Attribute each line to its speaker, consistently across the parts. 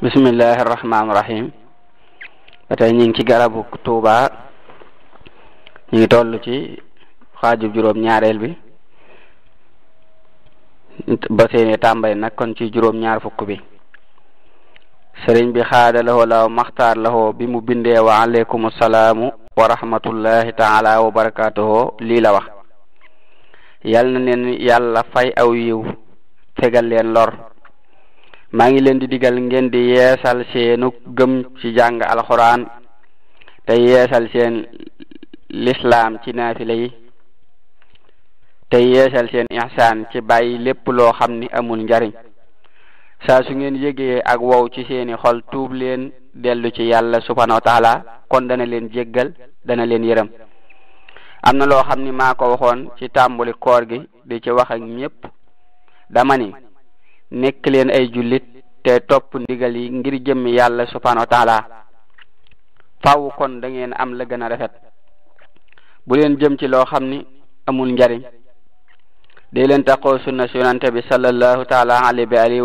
Speaker 1: bismillahi rahmaani rahim ba tey ñu ngi ci garabu Tuuba ñu ngi toll ci xaajub juróom ñaareel bi ba seeni tàmbali nag kon ci juróom ñaar fukk bi sëriñ bi xaada lahoo laaw maxtaar lahoo bi mu bindee wa aleykum asalaamu wa rahmatullahi taala wa barakatuhoo lii la wax yal na leen yàlla fay aw yiw fegal leen lor maa ngi leen di diggal ngeen di yeesal seenu gëm ci jàng alxuraan te yeesal seen lislaam ci naafila yi te yeesal seen ihsaan ci bàyyi lépp loo xam ni amul njariñ saa su ngeen yégee ak wow ci seeni xol tuub leen dellu ci yàlla subhanahu wa kon dana leen jéggal dana leen yërëm am na loo xam ni maa ko waxoon ci tàmbuli koor gi di ci wax ak ñépp dama ni nekk leen ay jullit te topp ndigal yi ngir jëm yàlla subhanahu wa taala faaw kon da am la gën a rafet bu leen jëm ci loo xam ni amul njariñ day leen taqoo sunna si bi sallallahu taala alayhi bi alihi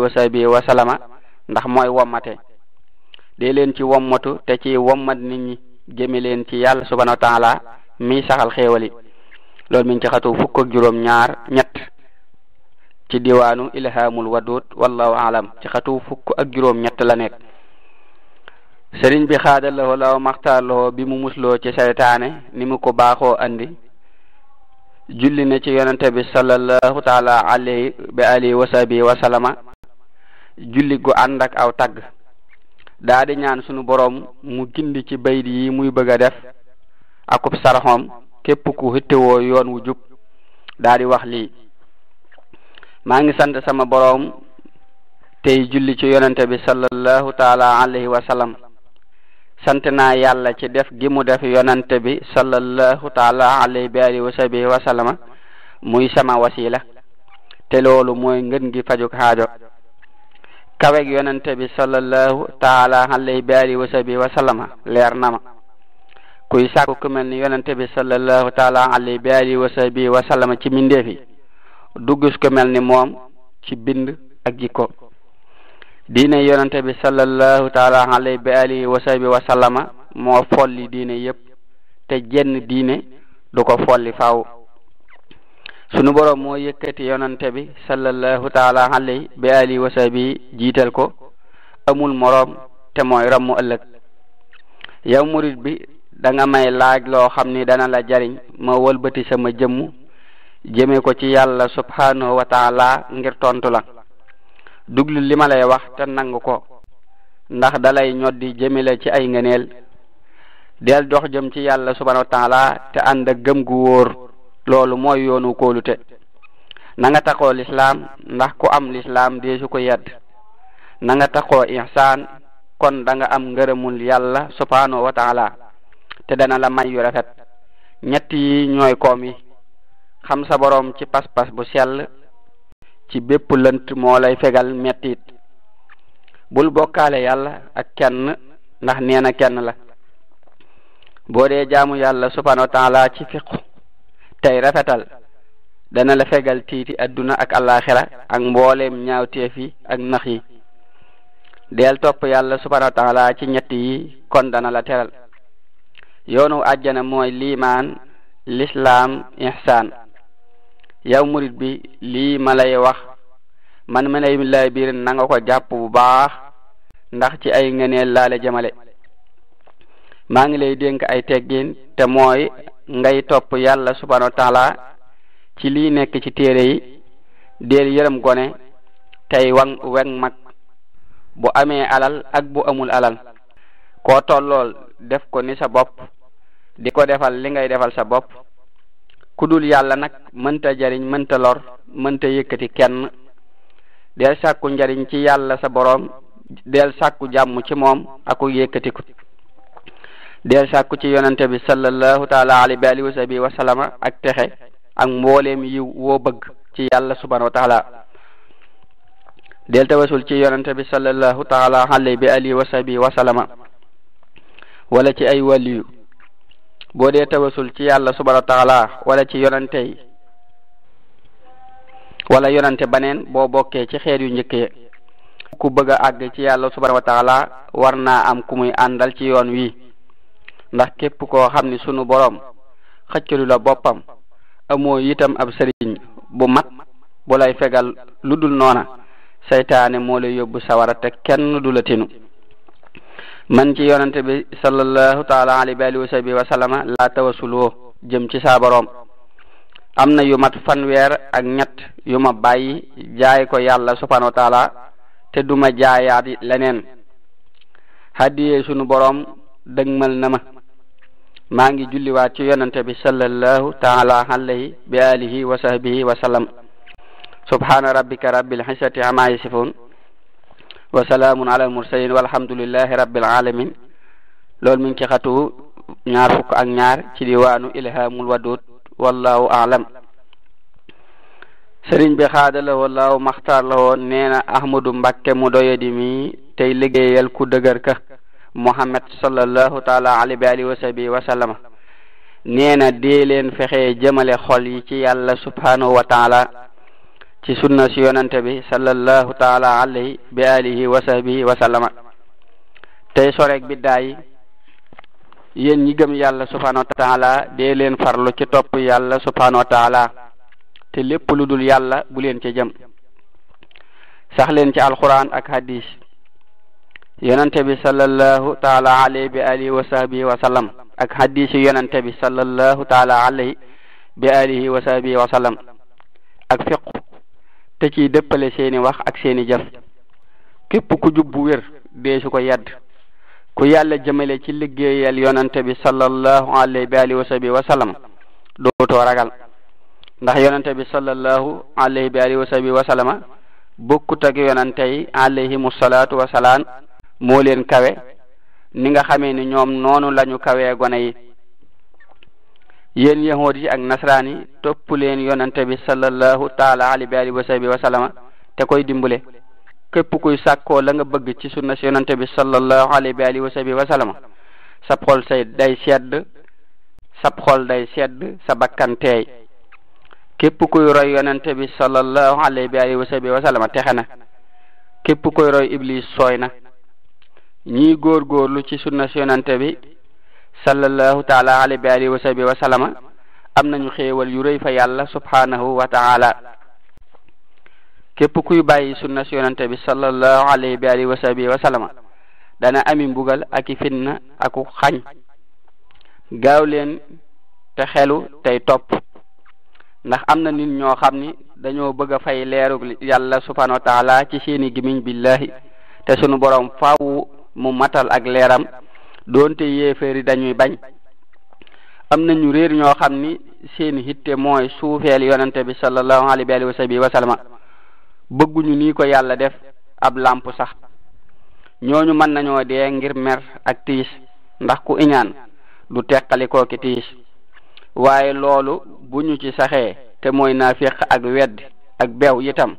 Speaker 1: wa ndax mooy wommate day leen ci wommatu te ci wommat nit ñi jëme leen ci yàlla subhanahu wa mi saxal xéewali loolu mi ci xatu fukk juróom ñaar ñett ci diwaanu ilhaamul wadud wallahu alam ci xatu fukk ak juróom ñett la nekk sëriñ bi xaadalawoo law maxtaarlawoo bi mu musloo ci saytaane ni mu ko baaxoo andi julli na ci yonente bi sallallahu taala alayhi bi alihi wa sahbihi julli gu ànd ak aw tagg daa ñaan sunu boroom mu gindi ci baydi yi muy bëgg a def akub saraxoom képp ku hittewoo yoon wu jub daa wax lii maa ngi sant sama boroom tey julli ci yonente bi salallahu taala alayhi wa sallam sant naa yàlla ci def gi mu def yonente bi salallahu taala alayhi bi alihi wasabi wa sallama muy sama wasiila te loolu mooy ngën gi fajuk haajo kaweg yonente bi salallahu taala alayhi bi alihi wasabi wa sallama leer na ma kuy sàkku ku mel ni yonente bi salallahu taala alayhi bi alihi wasabi wa sallama ci mindeef yi du gis ko mel ni moom ci bind ak jikko diine yonante bi salallahu taala alayhi bi alihi wa sahbi wa sallama moo folli diine yépp te jenn diine du ko folli faw sunu borom moo yëkkati yonante bi salallahu taala alayhi bi alihi wa sahbi jiital ko amul morom te mooy rammu ëllëg yow murit bi da nga may laaj loo xam ni dana la jariñ ma wëlbati sama jëmm jëmee ko ci yàlla subhanahu wa ngir tontu la duglu li ma lay wax te nangu ko ndax dalay ñoddi jëme la ci ay ngëneel del dox jëm ci yàlla subhanahu wa te ànd ak gëm gu wóor loolu mooy yoonu kóolute na nga taxoo lislaam ndax ku am lislaam deesu ko yedd na nga taxoo kon danga am ngërëmul yàlla subhanahu wa taala te dana la may yu rafet ñooy koom yi xam sa boroom ci pas-pas bu sell ci bépp lant moo lay fegal mettit bul bokkale yàlla ak kenn ndax nee kenn la boo dee jaamu yàlla subhanahu wa taala ci fiqu tey rafetal dana la fegal tiiti adduna ak alaxira ak mbooleem ñaawteef yi ak nax yi del topp yàlla subhanahu wa taala ci ñett yi kon dana la teral yoonu àjjana mooy liimaan lislaam ihsaan yow murit bi lii ma lay wax man ma lay laay biir ko jàpp bu baax ndax ci ay ngëneel laale jëmale maa ngi lay dénk ay teggin te mooy ngay topp yàlla subhanahu wa taala ci lii nekk ci téere yi del yërëm gone tey wang weng mag bu amee alal ak bu amul alal koo tollool def ko ni sa bopp di ko defal li ngay defal sa bopp ku dul yàlla nag mënta jariñ mënta lor mënta yëkkati kenn del sakku njariñ ci yàlla sa boroom del sàkku jàmm ci moom aku yëkkatiku del sàkku ci yonente bi sallallahu taala alayhi wa alihi wa sahbihi ak texe ak mbooleem yiw woo bëgg ci yàlla subhanahu wa taala del tawasul ci yonente bi sallallahu taala alayhi wa alihi wa sahbihi wala ci ay wàliyu boo dee tawasul ci yàlla subhanahu wa taala wala ci yonante yi wala yonante baneen boo bokkee ci xeet yu njëkk ya ku bëgg a àgg ci yàlla subhanahu wa taala war naa am ku muy àndal ci yoon wi ndax képp koo xam ni sunu boroom xëccalu la boppam amoo itam ab sëriñ bu mat bu lay fegal lu dul noona seytaane moo lay yóbbu sawara te kenn du la tinu man ci yonante bi sallallahu taala alayhi wa alihi wa sahbihi wa sallama laa tawasuloo jëm ci saa boroom am na yu mat fanweer ak ñett yu ma bàyyi jaay ko yàlla subhanahu wa taala te duma jaayaat leneen hadiyee sunu boroom dëgmal na ma maa ngi julliwaat ci yonante bi sallallahu taala alayhi bi alihi wa sahbihi wa sallam subhana rabbika rabbil xisati ama yasifun wasalaamun ala mursalin walhamdulillahi rabbil alamin loolu mi ngi ci xatu ñaar fukk ak ñaar ci diwaanu ilhamul wadud wallahu aalam sëriñ bi xaada la wallahu maxtaar la woon nee na ahmadu mbakke mu doyadi mi tey liggéeyal ku dëgër ka muhammad sallallahu taala ali bi alihi wa sahbi wa sallama nee na dee leen fexe jëmale xol yi ci yàlla subhanahu wa taala ci sunna si yonante bi sallallahu taala alayhi bi alihi wa sahbihi wa sallama tay sorek bi day yen ñi gëm yàlla subhanahu wa taala de leen farlu ci top yàlla subhanahu wa taala te lépp lu dul yàlla bu leen ci jëm sax leen ci alquran ak hadith yonante bi sallallahu taala alayhi bi alihi wa sahbihi wa sallam ak hadith yonante bi sallallahu taala alayhi bi alihi wa sahbihi wa sallam ak fiq te ci dëppale seeni wax ak seeni jëf képp ku jub bu wér deesu ko yàdd ku yàlla jëmale ci liggéeyal yonante bi sallallahu alayhi bi alihi wa sahbi wa ragal ndax yonante bi sallallahu alayhi bi alihi wa sahbi wa sallama bokkut ak yonante yi alayhimu ni nga xamee ni ñoom noonu lañu kawee gone yi yéen yahood yi ak nasraan yi topp leen yonante bi sallallahu taala te koy dimbale képp kuy sàkkoo la nga bëgg ci sunna si yonante bi sallallahu alayhi xol say day sedd sab xol day sedd sa bakkan teey képp kuy roy yonante bi sallallahu alayhi wa kuy roy iblis sooy na ñii góorgóorlu ci sunna si yonante sallallahu taala alayhi wa alihi wa nañu xéewal yu rëy fa yàlla subhanahu wa taala képp kuy bàyyi sunna si yonante bi sallallahu alayhi wa alihi wa sahbi wa sallama dana ami mbugal ak i fitna aku xañ gaaw leen te xelu tey topp ndax am na nit ñoo xam ni dañoo bëgg a fay leeru yàlla subhanahu wa taala ci seeni gimiñ billahi te sunu borom faaw mu matal ak leeram doonte yéeféeri dañuy bañ am nañu réer ñoo xam ni seen hitte mooy suufeel yonente bi sallallahu alayhi wa bëgguñu ni ko yàlla def ab làmp sax ñooñu mën nañoo dee ngir mer ak tiis ndax ku iñaan du teqali koo ki tiis waaye loolu bu ñu ci saxee te mooy naafiq ak wedd ak bew itam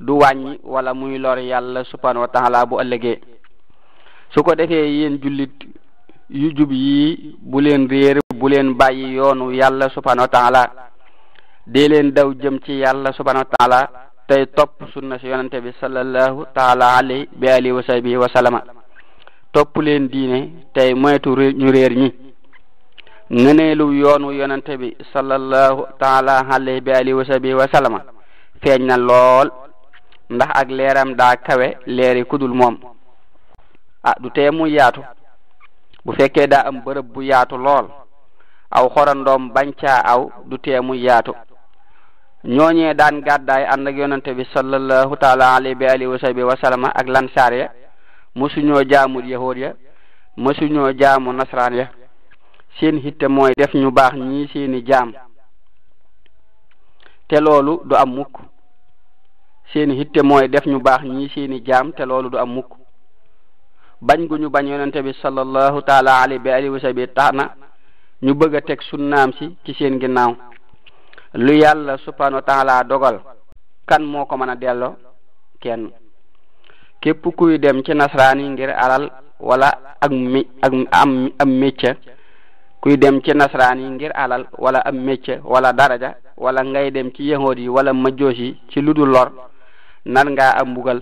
Speaker 1: du wàññi wala muy lor yàlla subhanahu wa taala bu ëllëgee su ko defee yéen jullit yu jub yi bu leen réer bu bàyyi yoonu yàlla subhanahu wa taala dee leen daw jëm ci yàlla subhanahu wa taala tey topp sunna yonante bi sallallahu taala alayhi bi alihi wa sahbihi topp leen diine tey moytu ñu réer ñi nelu yoonu yonante bi sallallahu taala alayhi bi alihi wa sahbihi feeñ na lool ndax ak leeram daa kawe leeri kudul moom ah du tee muy yaatu bu fekkee daa am bërëb bu yaatu lool aw xorandoom bañ caa aw du tee muy yaatu ñooñee daan gàddaay ànd ak yonante bi sallallahu taala bi alihi wa sahbi wa sallama ak lansar ya mësuñoo jaamul yahood ya mësuñoo jaamu nasraan ya seen hitte mooy def ñu baax ñii seeni jaam te loolu du am mukk seen hitte mooy def ñu baax ñii seeni jaam te loolu du am mukk bañ gu ñu bañ yonente bi sallallahu taala alayhi bi alihi wa sahbi na ñu bëgg a teg sunnaam si ci seen ginnaaw lu yàlla subhanahu wa dogal kan moo ko mën a delloo kenn képp kuy dem ci nasaraan yi ngir alal walla ak am am métier kuy dem ci nasaraan yi ngir alal wala am métier wala daraja wala ngay dem ci yahood yi wala majjoos yi ci lu dul lor nar nga am mbugal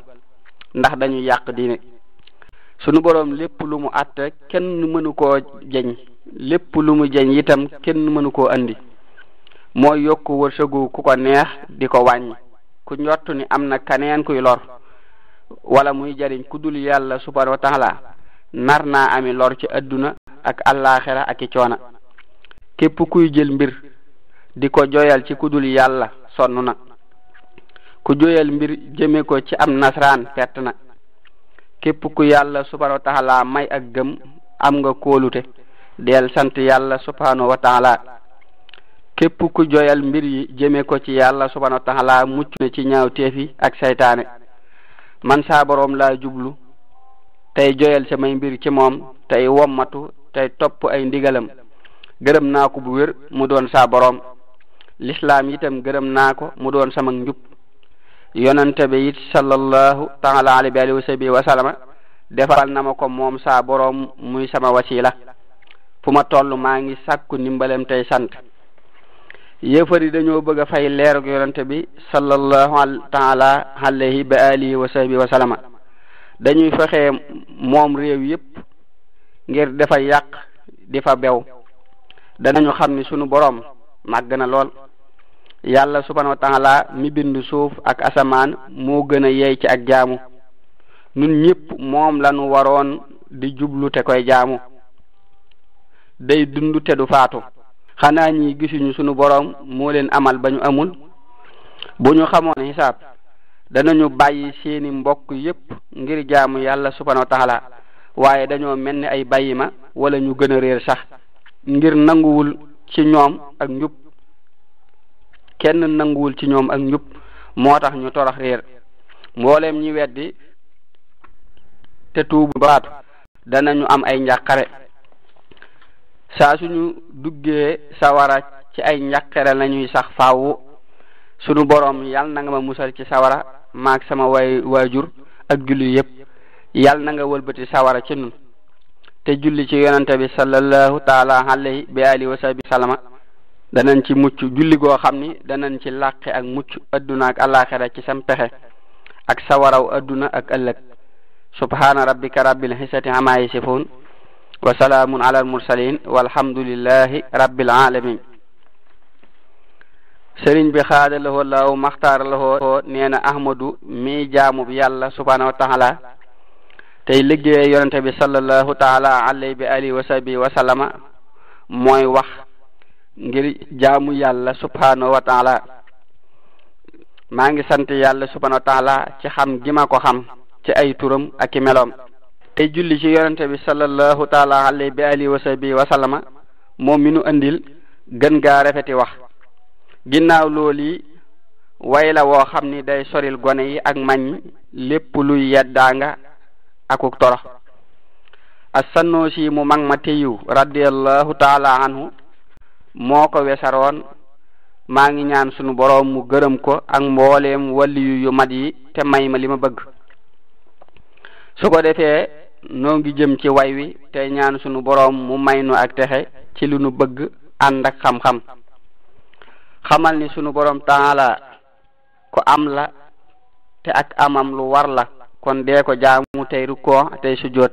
Speaker 1: ndax dañu yàq diine sunu boroom lépp lu mu àtte kenn mënu koo jeñ lépp lu mu jeñ itam kenn mënu koo indi mooy yokku wërsëgu ku ko neex di ko wàññi ku njott ni am na kaneen kuy lor wala muy jariñ ku dul yàlla subhanahu wa nar na ami lor ci adduna ak àllaaxira ak i coona képp kuy jël mbir di ko joyal ci ku dul yàlla sonn na ku joyal mbir jëme ko ci am nasraan pett na képp ku yàlla subhanahu wa taala may ak gëm am nga kóolute del sant yàlla subhanahu wa taala joyal mbir yi jëme ko ci yàlla subhanahu wa taala mucc ci ñaw teef yi ak seytaane man saa boroom laa jublu tey joyal samay mbir ci moom tey wommatu tey topp ay ndigalam gërëm naa ko bu wér mu doon saa boroom lislaam itam gërëm mu doon sama njub yonante bi it sallallahu taala alayhi wa alihi wa sahbihi wa sallama defal na ma ko moom saa boroom muy sama wasila fu ma toll maa ngi sàkku ndimbalem tey sant yéefar yi dañoo bëgg a fay leerug yonante bi sallallahu taala alayhi wa alihi wa dañuy fexe moom réew yépp ngir dafa yàq di fa bew danañu xam ni sunu boroom màgg lool yàlla subhanahu wa taala mi bind suuf ak asamaan moo gën a yey ci ak jaamu nun ñëpp moom lañu waroon di jublute koy jaamu day dund te faatu xanaa ñi gisuñu sunu boroom moo leen amal ba ñu amul bu ñu xamoon xisaab danañu bàyyi seeni mbokk yépp ngir jaamu yàlla subhanahu wa waaye dañoo mel ni ay bàyyi ma wala ñu gën a réer sax ngir nanguwul ci ñoom ak njub kenn nanguwul ci ñoom ak njub moo tax ñu torax réer mbooleem ñi weddi te tuubu baatu danañu am ay njàqare saa suñu duggee sawara ci ay njàqare lañuy sax faawu sunu borom yal na nga ma musal ci sawara maag sama way waajur ak julli yépp yal na nga wëlbati sawara ci nun te julli ci yonante bi sallallahu taala alayhi bi alihi wa sahbi salama danañ ci mucc julli goo xam ni danañ ci làqe ak mucc adduna ak alaxira ci sam pexe ak sawaraw adduna ak ëllëg subhana rabbika rabbil xisati ama yasifun wa salaamun ala almursalin walhamdulillahi rabbil alamin sëriñ bi xaada lahoo law maxtaar ahmadu mii jaamu bi yàlla subhanahu wa taala tey liggéeye yonente bi sallallahu taala alay bi alihi wa sahbi mooy wax ngir jaamu yàlla subhanahu wa maa ngi sant yàlla subhanahu wa ci xam gi ma ko xam ci ay turam ak i meloom julli ci yonente bi sallallahu taala alayhi bi alihi wa sahbihi moom mi nu andil gën gaa rafeti wax ginnaaw loolu yi way la woo xam ni day soril gone yi ak mañ lépp luy yeddaanga akuk torox assanoo si mu mag ma teyu radiallahu taala anhu moo ko wesaroon maa ngi ñaan sunu boroom mu gërëm ko ak mbooleem waliyu yu mat yi te may ma li ma bëgg su ko defee noo ngi jëm ci way wi tey ñaan sunu boroom mu may nu ak texe ci lu nu bëgg ànd ak xam-xam xamal ni sunu boroom taala ko am la te ak amam lu war la kon dee ko jaamu tey rukkoo tey sujjóot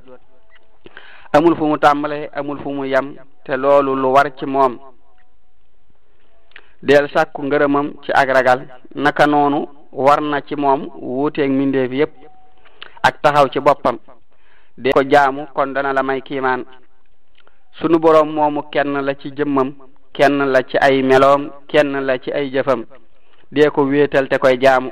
Speaker 1: amul fu mu tàmbalee amul fu mu yam te loolu lu war ci moom del sàkku ngërëmam ci ak ragal naka noonu war na ci moom wuuteeg mbindeef yépp ak taxaw ci boppam de ko jaamu kon dana la may kiimaan sunu boroom moomu kenn la ci jëmmam kenn la ci ay meloom kenn la ci ay jëfam dee ko te koy jaamu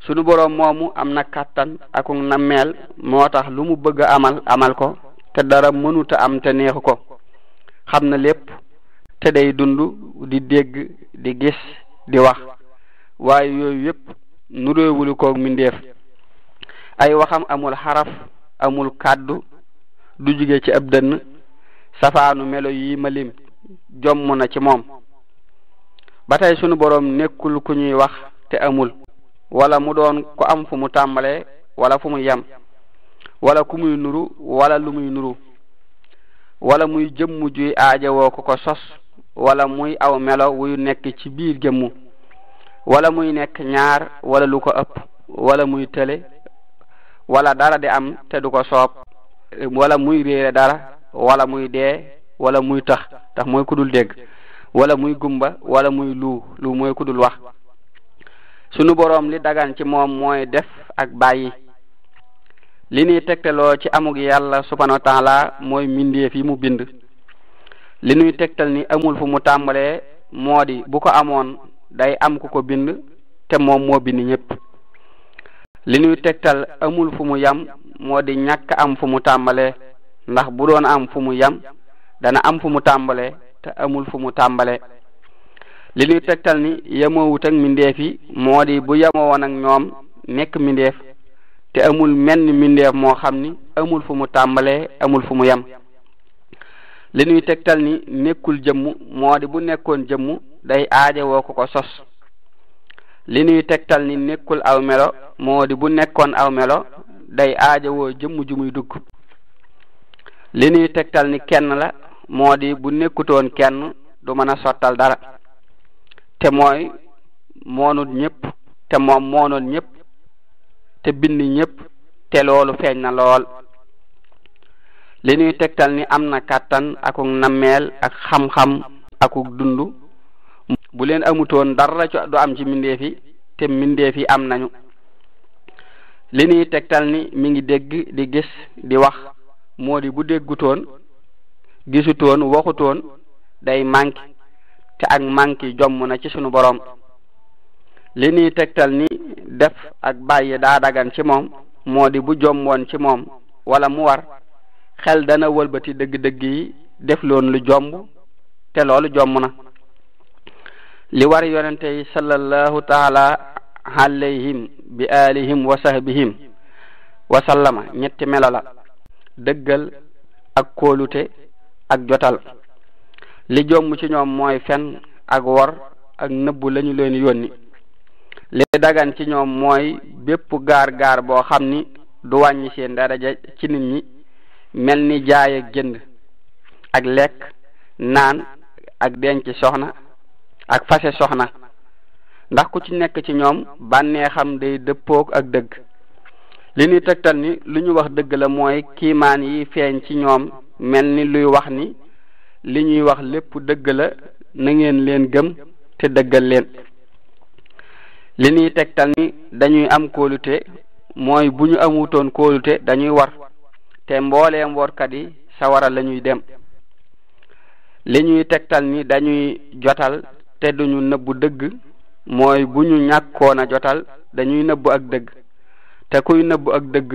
Speaker 1: sunu boroom moomu am na kàttan akuk nammeel moo tax lu mu bëgg a amal amal ko te dara mënuta am te neexu ko xam na lépp te day di dégg di gis di wax waaye yooyu yëpp nuróowulu koog mindeef ay waxam amul xaraf amul kàddu du jóge ci ab dënn safaanu melo yi malim na ci moom ba tey sunu boroom nekkul ku ñuy wax te amul wala mu doon ku am fu mu tàmbalee wala fu mu yem wala ku muy nuru wala lu muy nuru wala muy jëmm juy aajawoo ko ko sos wala muy aw melo wuy nekk ci biir gémmu wala muy nekk ñaar wala lu ko ëpp wala muy tële wala dara di am te du ko soob wala muy réere dara wala muy dee wala muy tax tax mooy kudul dégg wala muy gumba wala muy lu lu mooy kudul wax sunu boroom li dagan ci moom mooy def ak bàyyi li ñuy tegtaloo ci amug yàlla subhanahu wa taala mooy mbindeef mu bind li nuy tegtal ni amul fu mu tàmbale moo di bu ko amoon day am ku ko bind te moom moo bind ñëpp li nuy tegtal amul fu mu yam moo di ñàkk am fu mu tàmbalee ndax bu doon am fu mu yam dana am fu mu tàmbale te amul fu mu tàmbale li nuy tegtal ni yemoowut ak mindeef yi moo di bu yemoowoon ak ñoom nekk mindeef te amul menn mindeef moo xam ni amul fu mu tàmbale amul fu mu yam li nuy tegtal ni nekkul jëmm moo di bu nekkoon jëmm day aaje woo ko ko sos li nuy tegtal ni nekkul aw melo moo di bu nekkoon aw melo day aaje woo jëmm ju muy dugg li nuy tegtal ni kenn la moo di bu nekkutoon kenn du mën a sottal dara te mooy moonut ñëpp te moom moonoon ñëpp te bind ñëpp te loolu feeñ na lool li ñuy tegtal ni am na kàttan akuk nammeel ak xam-xam akuk dund bu leen amutoon dara du am ci mbindeef yi te mbindeef yi am nañu li ñuy tegtal ni mi ngi dégg di gis di wax moo di bu déggutoon gisutoon waxutoon day manqué te ak manqué jomm na ci sunu borom li ñuy tegtal ni def ak bàyyi daa dagan ci moom moo bu jomboon ci moom wala mu war xel dana wëlbati dëgg-dëgg yi def loon lu jomb te loolu jomb na li war yonente yi sallallahu taala alayhim bi alihim wa sahbihim ñetti melo la dëggal ak kóolute ak jotal li jomb ci ñoom mooy fen ak wor ak nëbbu lañu leen yónni li dagan ci ñoom mooy bépp gaar gaar boo xam ni du wàññi seen daraja ci nit ñi mel ni jaay ak jënd ak lekk naan ak denc soxna ak fase soxna ndax ku ci nekk ci ñoom bànneexam day dëppook ak dëgg li ñuy tegtal ni lu ñu wax dëgg la mooy kiimaan yi feeñ ci ñoom mel ni luy wax ni li ñuy wax lépp dëgg la na ngeen leen gëm te dëggal leen li ñuy tegtal ni dañuy am kóolute mooy bu ñu amutoon kóolute dañuy war te mbooleem workat yi sawara lañuy dem li ñuy tegtal ni dañuy jotal te duñu nëbbu dëgg mooy bu ñu ñàkkoon a jotal dañuy nëbbu ak dëgg te kuy nëbbu ak dëgg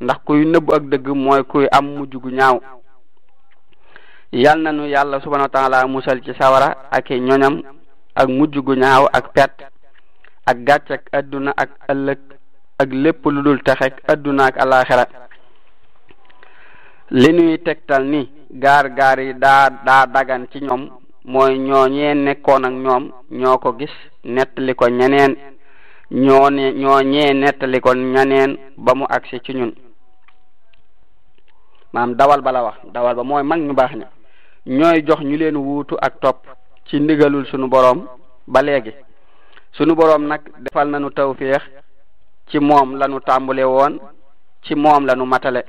Speaker 1: ndax kuy nëbbu ak dëgg mooy kuy am mujj gu ñaaw yal na nu yàlla subhanahu wa taala musal ci sawara ak i ak mujj gu ñaaw ak pet ak gàcc ak ak ëllëg ak lépp lu dul texek adduna ak alaxira li nuy tegtal ni gaar gaar yi dagan ci ñoom mooy ñooñee nekkoon ñoom ñoo ko gis nettali ko ñeneen ñoo ne ñooñee nettali ko ba mu agsi ci ñun maam dawal ba la wax dawal ba mooy mag ñu baax ña ñooy jox ñu leen wuutu ak topp ci ndigalul sunu boroom ba léegi sunu boroom nag defal nañu tawféex ci moom la nu tàmbule woon ci moom la nu matale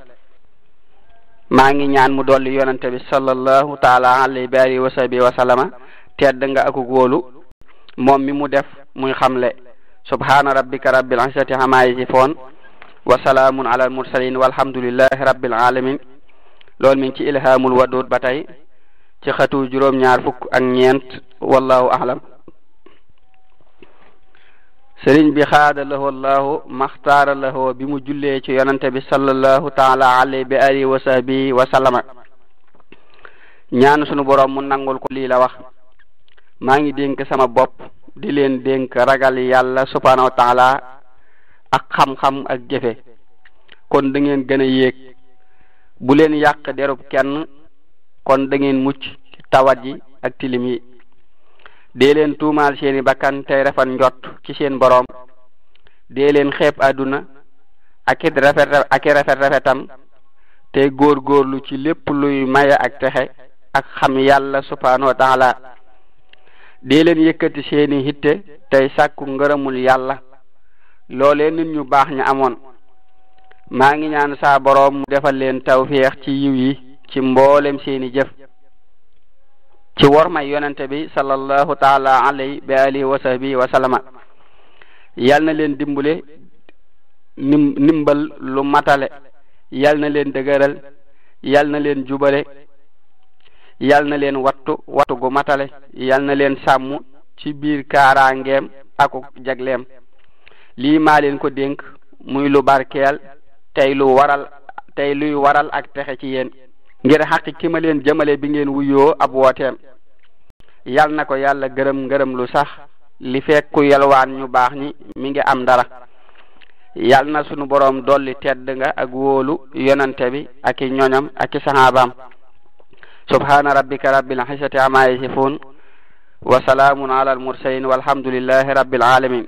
Speaker 1: maa ngi ñaan mu dolli yonante bi sallallahu taala alayhi wa alihi wa sahbihi wa sallama tedd nga akuk moom mi mu def muy xamle subhaana rabbika rabbil izzati ammaa yasifoon wa salaamun ala al mursalin walhamdulillahi rabbil alamin mi ci ilhaamul wadud ba tey ci xatu juróom ñaar fukk ak ñeent wallahu a'lam sëriñ bi xaada lahoo allahu maxtaara lahoo bi mu jullee ci yonante bi sallallahu taala alayhi bi alihi wa sahbihi wa sallama ñaan sunu boroom mu nangul ko lii la wax maa ngi dénk sama bopp di leen dénk ragal yàlla subhanahu wa taala ak xam-xam ak jëfe kon dangeen ngeen gën a yéeg bu leen yàq derub kenn kon dangeen mucc ci tawat yi ak tilim yi dee leen tuumaal seeni bakkan tey rafet njot ci seen boroom dee leen xeeb àdduna ak it rafet ak i rafet ci lépp luy maye ak texe ak xam yàlla subhaanahu wa taala dee leen yëkkati seeni hitte tey sàkku ngërëmul yàlla loolee nit ñu baax ñu amoon maa ngi ñaan saa boroom mu defal leen tawféex ci yiw yi ci mboolem seeni jëf ci wormay yonente bi sallallahu taala alay bi alihi wa sahbihi wa na leen dimbale nimbal lu matale yal na leen dëgëral yal na leen jubale yal na leen wattu wattu gu matale yal leen sàmm ci biir karaangem aku jagleem lii maa leen ko dénk muy lu barkeel tey lu waral tey luy waral ak texe ci yéen ngir xaqi ki ma leen jëmale bi ngeen wuyoo ab wooteem na ko yàlla gërëm ngërëm lu sax li fekk ku ñu baax ñi mi ngi am dara yal na sunu boroom dolli tedd nga ak wóolu yonante bi aki i aki ak i saxaabaam subhaana rabbika rabbil xisati amaa yasifuun wa alamin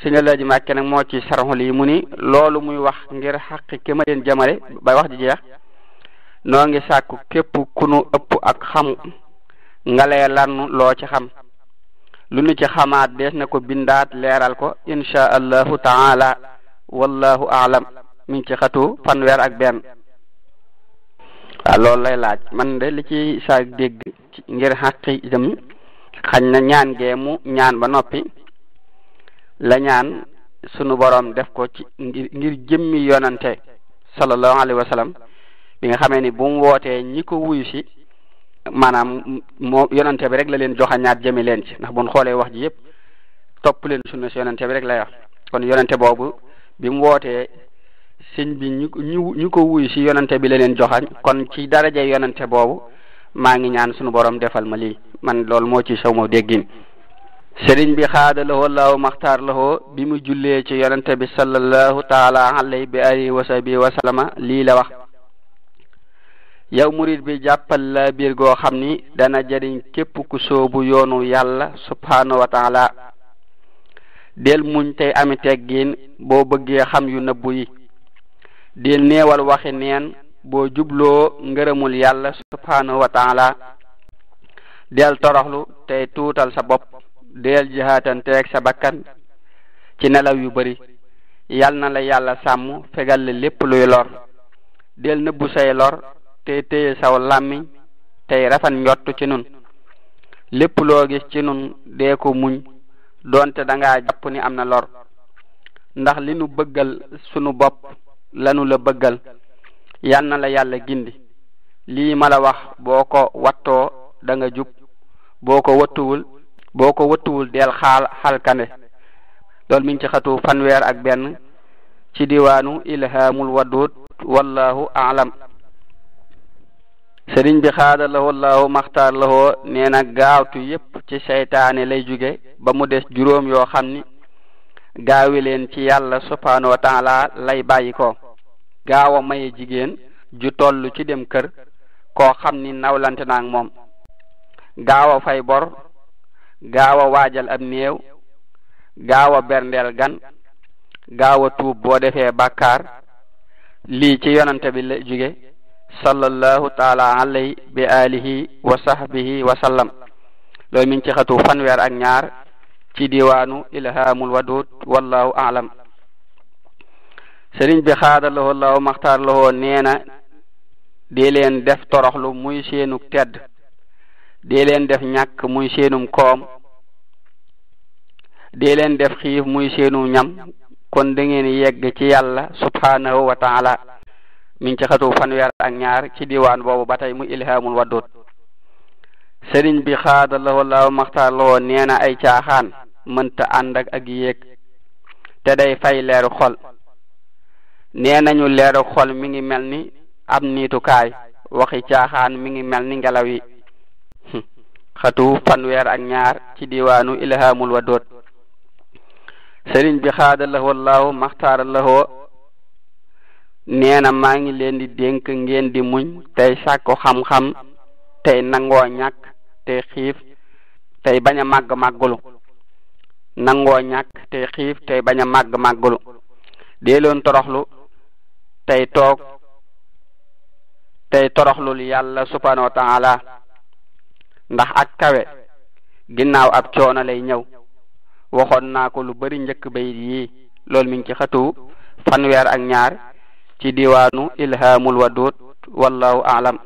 Speaker 1: sëñ Alaaji Mbàkke nag moo ci sarxul yi mu ni loolu muy wax ngir xaqi ki ma ba wax jeex noo ngi sàkku képp kunu ëpp ak xamu nga leeralnu loo ci xam lu nu ci xamaat des na ko bindaat leeral ko insha allahu taala wallahu aalam min ci xatu fanweer ak benn waaw lay laaj man de li ci saa dégg ngir xaqi jëm xañ na ñaan gee ñaan ba noppi la ñaan sunu borom def ko ci ngir ngir jëmmi yonante sallallahu alayhi wa bi nga xamee ni bu mu wootee ñi ko wuyu si maanaam moo yonante bi rek la leen ñaat jëme leen ci ndax bu ñu xoolee wax ji yëpp topp leen sunna si yonante bi rek la wax kon yonante boobu bi mu wootee sëñ bi ñu ñu ñu ko wuyu si yonante bi la leen joxañ kon ci daraje yonante boobu maa ngi ñaan sunu boroom defal ma lii man loolu moo ci saw ma déggin bi xaada lahoo laaw maxtaar lahoo bi mu jullee ci yonante bi sallallahu taala alayhi bi alihi wa sahbi yow murid bi jàppal la biir goo xam ni dana jariñ képp ku soobu yoonu yàlla subhanahu wa taala del muñ tey ami teggin boo bëggee xam yu nëbbu yi del neewal waxi neen boo jubloo ngërëmul yàlla subhanahu wa taala del toroxlu tey tuutal sa bopp del jihaatanteeg sa bakkan ci nelaw yu bari yal na la yàlla sàmm fegal la lépp luy lor del nëbbu say lor tey téye saw làmmiñ tey rafet njott ci nun lépp loo gis ci nun dee ko muñ doonte da ngaa jàpp ni am na lor ndax li nu bëggal sunu bopp lanu la bëggal yal na la yàlla gindi lii ma la wax boo ko wattoo danga nga jub boo ko wattuwul boo ko wattuwul del xaal xalkande loolu mi ci xatu fanweer ak benn ci diwaanu ilhaamul wadud wallahu aalam sëriñ bi xaada lahoo laahu maxtaar lahoo nee na gaawtu yépp ci seytaane lay jóge ba mu des juróom yoo xam ni gaawi leen ci yàlla subhaanahu wa taala lay bàyyi ko gaaw a maye jigéen ju toll ci dem kër koo xam ni nawlante naag moom gaaw a fay bor gaawa waajal ab néew gaaw a berndeel gan gaaw a tuub boo defee bàkkaar lii ci yonante bi la jóge sallallahu taala alay bi alihi wa sahbihi wa sallam loolu mi ngi ci xatu fanweer ak ñaar ci diwaanu ilhamul wadud wallahu alam sëriñ bi xaada lahoo law maxtaar lahoo nee na dee leen def toroxlu muy seenuk tedd dee leen def ñàkk muy seenum koom dee leen def xiif muy seenu ñam kon da yegg ci yàlla subhanahu wa mi ngi ci xatu fanweer ak ñaar ci diwaan boobu ba mu ilhaamul waddut sëriñ bi xaada lawoo laaw maxtaar nee na ay caaxaan mënta ànd ak yéeg te day fay leeru xol nee nañu leeru xol mi ngi mel ni ab niitukaay waxi caaxaan mi ngi mel ni ngelaw yi xatu fanweer ak ñaar ci diwaanu ilhaamul waddut sëriñ bi xaada lawoo nee na maa ngi leen di dénk ngeen di muñ tey sàkku xam-xam tey nangoo ñàkk tey xiif tey bañ a màgg màggulu nango ñàkk tey xiif tey bañ a màgg màggulu dee loon toroxlu tey toog tey toroxlul yàlla subhanahu wa taala ndax ak kawe ginnaaw ab coono lay ñëw waxoon naa ko lu bari njëkk bayit yi loolu mi ngi ci xatu fanweer ak ñaar ci diwaanu ilhamul wadud wallahu alam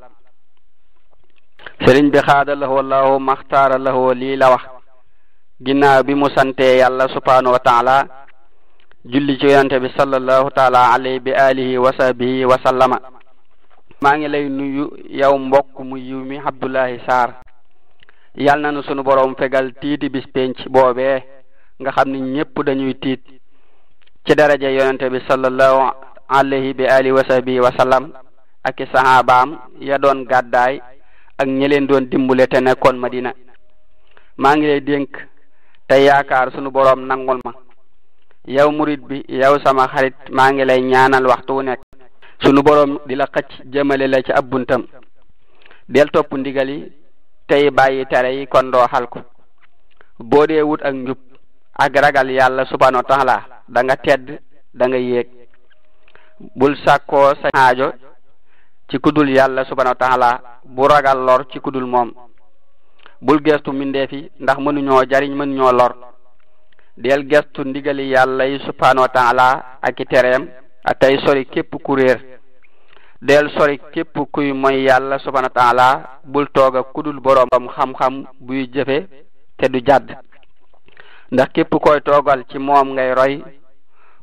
Speaker 1: sëriñ bi xaada lahu wallahu maxtaara lahu lii la wax ginnaaw bi mu sante yàlla subhanahu wa taala julli ci yonante bi sallallahu taala alayhi bi alihi wa sahbihi wa sallama maa ngi lay nuyu yow mbokk mu yiw mi Abdoulahi Sarr yal na nu sunu boroom fegal tiiti bis penc boobee nga xam ni ñépp dañuy tiit ci daraja yonante bi sallallahu alayhi bi ali wa sahbihi wa ak i ya doon gàddaay ak ñi leen doon dimbule te nekkoon madina maa ngi lay dénk te yaakaar sunu boroom nangul ma yow murit bi yow sama xarit maa ngi lay ñaanal waxtu wu nekk sunu boroom di la xëcc jëmale la ci ab buntam del topp ndigal yi tey bàyyi tere yi kon doo ko boo dee wut ak njub ak ragal yàlla subhanahu wa danga da nga tedd da nga bul sako sa aajo ci kudul yàlla subhanahu wa bu ragal lor ci kudul moom bul gestu mbindeef yi ndax mënuñoo jariñ mënuñoo lor del gestu ndigali yàlla yi subhanahu wa taala ak i tereem ak tey sori képp ku réer del sori képp kuy moy yàlla subhanahu wa taala bul toog ak kudul boroom xam-xam buy jëfe te du jàdd ndax képp koy toogal ci moom ngay roy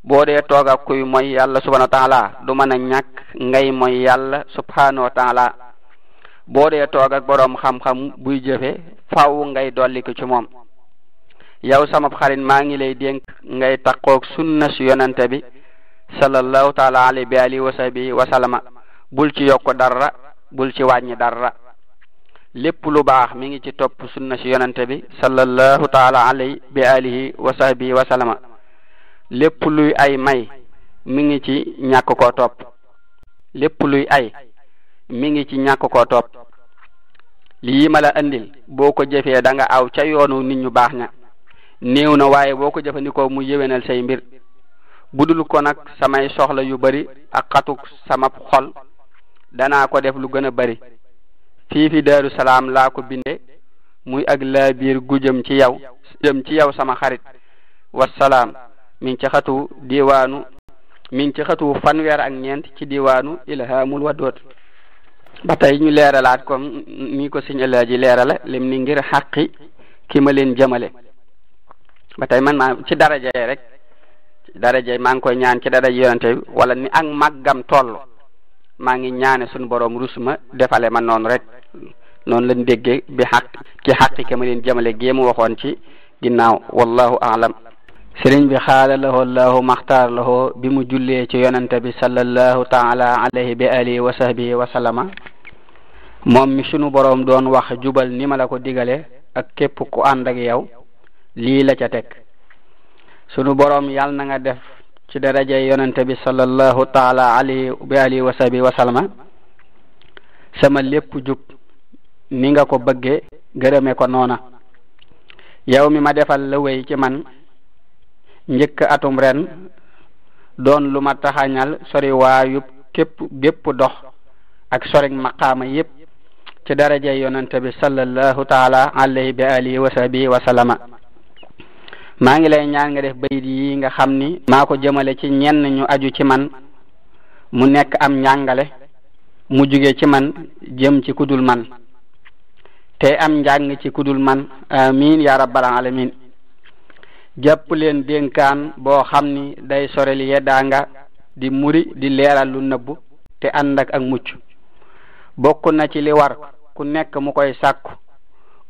Speaker 1: boo dee toog ak kuy mooy yàlla subhanahu wa taala du mën a ñàkk ngay mooy yàlla subhanahu wa taala boo dee toog ak boroom xam-xam buy jëfe faw ngay dolli ko ci moom yow sama xarit maa ngi lay dénk ngay taqoog sunna si yonante bi sallallahu taala alayhi bi alihi wa sahbi wa sallama bul ci yokk dara bul ci wàññi dara lépp lu baax mi ngi ci topp sunna si yonante bi sallallahu taala bi alihi wa sahbi wa sallama lépp luy ay may mi ngi ci ñàkk koo topp lépp luy ay mi ngi ci ñàkk koo topp lii ma la andil boo ko jëfee danga aw ca yoonu nit ñu baax na néew na waaye boo ko jëfandikoo mu yéwénal say mbir bu dul ko nag samay soxla yu bari ak xatuk sama xol danaa ko def lu gën a bari fii fi laa ko binde muy ak laabiir gu jëm ci yow jëm ci yow sama xarit wasalaam min ci xatu diwaanu min ci xatu fanweer ak ñeent ci diwaanu ilhaamul wadoot ba tey ñu leeralaat comme ni ko sëñ Alaaji leerala lim ni ngir xaqi ki ma leen jamale ba tey man maa ci daraja rek daraja maa ngi koy ñaan ci daraja yonente bi wala ni ak màggam toll maa ngi ñaane suñu borom rus defale ma noonu rek noonu lañ déggee bi xaq ki xaqi ki ma leen jëmale géemu waxoon ci ginnaaw wallahu alam sëriñ bi xaala lahoo laahu maxtaar lahoo bi mu jullee ci yonente bi sallallahu taala alayhi bi alihi wa sahbihi moom mi sunu boroom doon wax jubal ni ma la ko digale ak képp ku ànd ak yow lii la ca teg sunu boroom yàlla na nga def ci daraja yonente bi sallallahu taala alayhi bi alihi wa sahbihi sama lépp jub ni nga ko bëgge gërëme ko noona yow mi ma defal la wéy ci man njëkk atum ren doon lu ma taxañal sori waayub képp bépp dox ak sorig maqaama yépp ci daraja yonente bi sallallahu taala alayhi bi alihi wa sahbihi maa ngi lay ñaan nga def bayit yi nga xam ni maa ko jëmale ci ñenn ñu aju ci man mu nekk am njàngale mu jóge ci man jëm ci kudul man te am njàng ci kudul man amin ya alamin jàpp leen dénkaan boo xam ni day sorel yeddaanga di muri di leeral lu nëbbu te ànd ak mucc bokk na ci li war ku nekk mu koy sàkku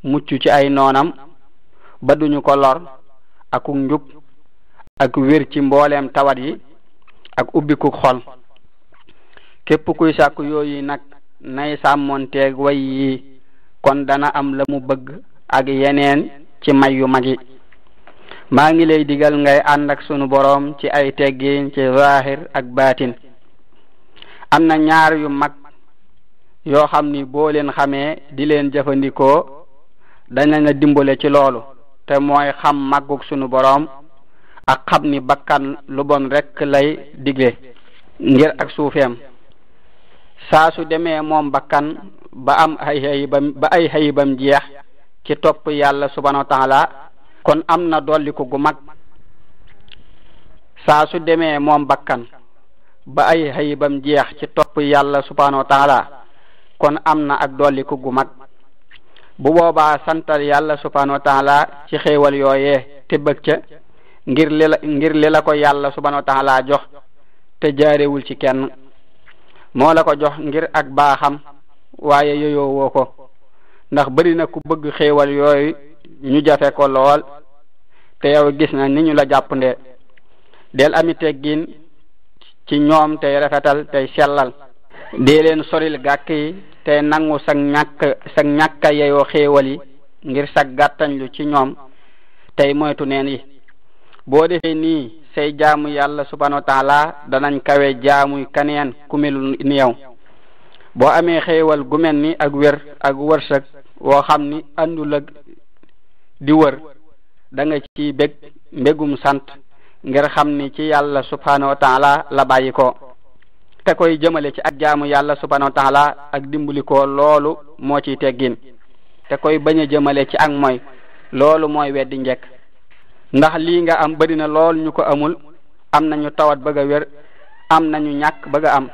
Speaker 1: mucc ci ay noonam ba duñu ko lor aku njub ak wér ci mbooleem tawat yi ak ubbiku xol képp kuy sàkku yooyu nag nay sàmmonteeg way yi kon dana am la mu bëgg ak yeneen ci may yu mag yi maa ngi lay digal ngay ànd ak sunu boroom ci ay teggin ci zahir ak batin am na ñaar yu mag yoo xam ni boo leen xamee di leen jëfandikoo da danañ la dimbale ci loolu te mooy xam màggug sunu boroom ak xam ni bakkan lu bon rekk lay digle ngir ak suufeem saa demee moom bakkan ba am xayibam ba ay xayibam jeex ci topp yàlla subhanahu wa taala kon am na dolliku gu mag saa su demee moom bakkan ba ay xayibam jeex ci topp yàlla subhanahu wa taala kon am na ak dolliku gu mag bu boobaa santal yàlla subhanahu wa taala ci xéewal yooyee te bëgg ca ngir li la ngir li ko yàlla subhanahu wa taala jox te jaarewul ci kenn moo la ko jox ngir ak baaxam waaye yoyoo ndax bari ku bëgg xéewal yooyu ñu jafe ko lool te yow gis na ni ñu la jàppande del ami teggin ci ñoom tey rafetal tey sellal dee leen soril gàkk yi tey nangu sag ñàkk sag ñàkka yeyoo xéewal yi ngir sag gàttañlu ci ñoom tey moytu neen yi boo defee nii say jaamu yàlla subhanahu wa danañ kawe jaamuy kaneen ku ni yow boo amee xéewal gu ni ak wér ak wërsëg woo xam ni àndul ak di wër da nga ci bég mbégum sant ngir xam ni ci yàlla subhanahu wa taala la bàyyi ko te koy jëmale ci ag jaamu yàlla subhanahu wa taala ak dimbali ko loolu moo ciy teggin te koy bañ a jëmale ci ak mooy loolu mooy weddi njekk ndax lii nga am bari na lool ñu ko amul am nañu tawat bëgg wér am nañu ñàkk bëgg a am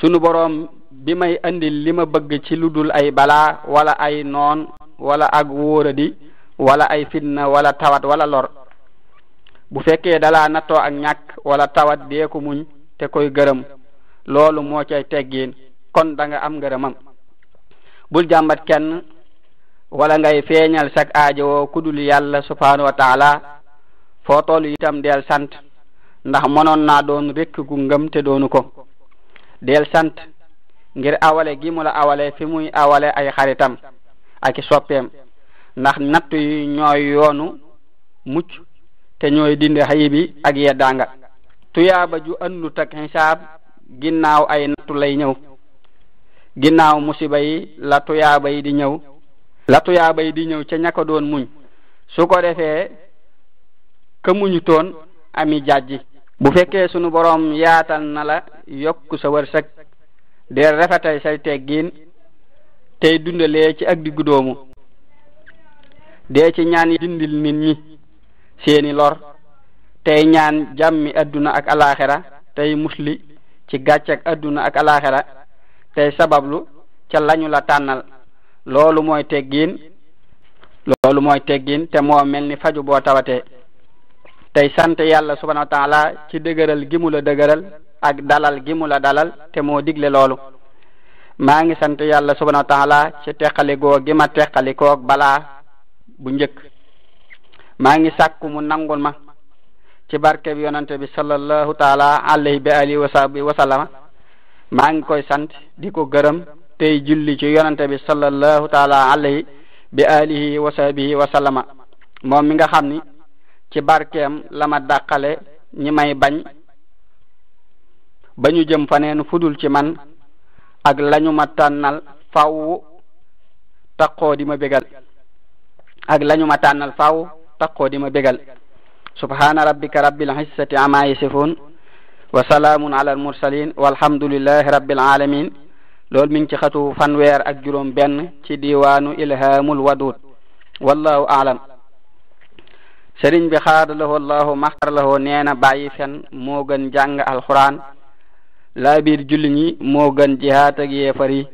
Speaker 1: sunu boroom bi may andi li ma bëgg ci lu dul ay balaa wala ay noon wala ak wóoradi wala ay fitna wala tawat wala lor bu fekkee dalaa nattoo ak ñakk wala tawat dee ko muñ te koy gërëm loolu moo cay teggiin kon da nga am ngërëmam bul jàmbat kenn wala ngay feeñal sag aajowoo kudul yàlla subhanahu wa taala foo toll itam del sant ndax mënoon naa doon rekk gu te doonu ko del sant ngir awale gi awale fi muy awale ay xaritam ak soppeem ndax natt yi ñooy yoonu mucc te ñooy dindi xayibi ak yeddaanga tuyaaba ju ëndut ak xisaab ginnaaw ay nattu lay ñëw ginnaaw musiba yi la tuyaaba yi di ñëw la tuyaaba yi di ñëw ca ña ko doon muñ su ko defee ka muñu toon ami jàjji bu fekkee sunu borom yaatal na la yokk sa wërsëg de rafetal say teggiin tey dundalee ci ak diggu doomu dee ci ñaan dindil nit ñi seeni lor tey ñaan jàmmi adduna ak alaxira tey musli ci gàcce ak adduna ak alaxira tey sabablu ca lañu la tànnal loolu mooy teggiin loolu mooy teggiin te moo mel ni faju boo tawatee tey sant yàlla subhanahu wa taala ci dëgëral gi mu la dëgëral ak dalal gi mu la dalal te moo digle loolu maa ngi sant yàlla subhanahu wa taala ci teqalikoo gi ma teqalikoog balaa bu njëkk maa ngi sàkku mu nangul ma ci barke bi yonante bi sallallahu taala alayhi bi alihi wa sahbi maa ngi koy sant di ko gërëm tey julli ci yonante bi sallallahu taala alayhi bi alihi wa sahbihi moom mi nga xam ni ci barkeem lama ma dàqale ñi may bañ bañu ñu jëm faneen fudul ci man ak lañu ma tànnal fàww taqoo di ma bégal ak lañu ma tànnal faaw taqoo di ma bégal subhaana rabbika rabbil izzati amma yasifun wa salaamun ala al mursalin walhamdulillahi rabbil alamin loolu ci xatu fanweer ak juróom benn ci diwaanu ilhaamul wadud wallahu aalam sëriñ bi xaada lahoo allahu maxtar lahoo nee bàyyi fen moo gën jàng alxuraan laa biir julli ñi moo gën jihaat ak yéefar yi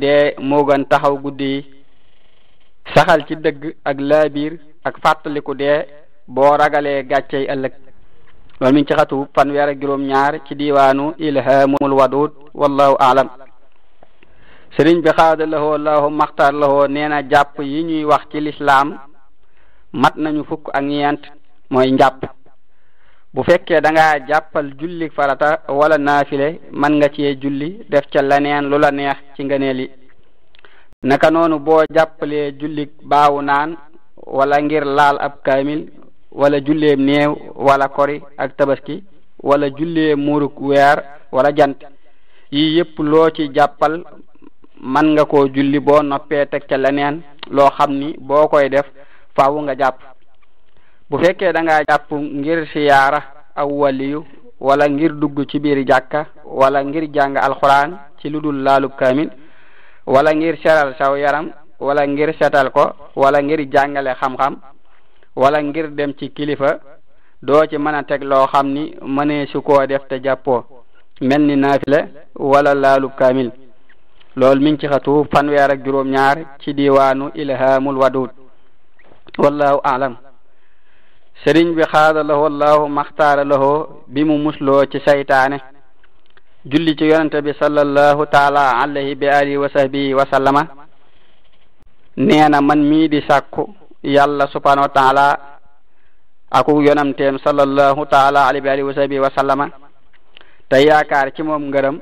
Speaker 1: dee moo gën taxaw guddi saxal ci dëgg ak laabiir ak fàttaliku dee boo ragalee gàccey ëllëg loolu mi ngi ci xatu fanweer ak juróom-ñaar ci diiwaanu ilhamul wadud wallahu aalam sëriñ bi xaada lahoo maxtaar lahoo nee na jàpp yi ñuy wax ci lislaam mat nañu fukk ak ñeent mooy njàpp bu fekkee da jàppal julli farata wala naafile man nga cee julli def ca leneen lu la neex ci ngëneel naka noonu boo jàppalee jullit baawu naan wala ngir laal ab kaamil wala julleem néew wala kori ak tabaski wala julleem muruk weer wala jant yii yépp loo ci jàppal man nga koo julli boo noppee teg ca leneen loo xam ni boo koy def faawu nga jàpp bu fekkee da ngaa jàpp ngir siyaara ak waliyu wala ngir dugg ci biir jàkka wala ngir jàng alxuraan ci lu dul laalub kaamil wala ngir seral saw yaram wala ngir seetal ko wala ngir jàngale xam-xam wala ngir dem ci kilifa doo ci mën a teg loo xam ni mënee su defte def te jàppoo mel ni naafile wala laalub kaamil loolu mi ngi ci xatu fanweer ak juróom-ñaar ci diwaanu ilhaamul wadud wallahu alam sëriñ bi xaada lahoo allahu maxtaara bi mu musloo ci saytaane julli ci yonente bi sallallahu taala alayhi bi alihi wa sahbihi wa na man mii di sàkku yàlla subhanahu wa taala aku yonanteem sallallahu taala alayhi bi alihi wa sahbihi wa sallama te yaakaar ci moom ngërëm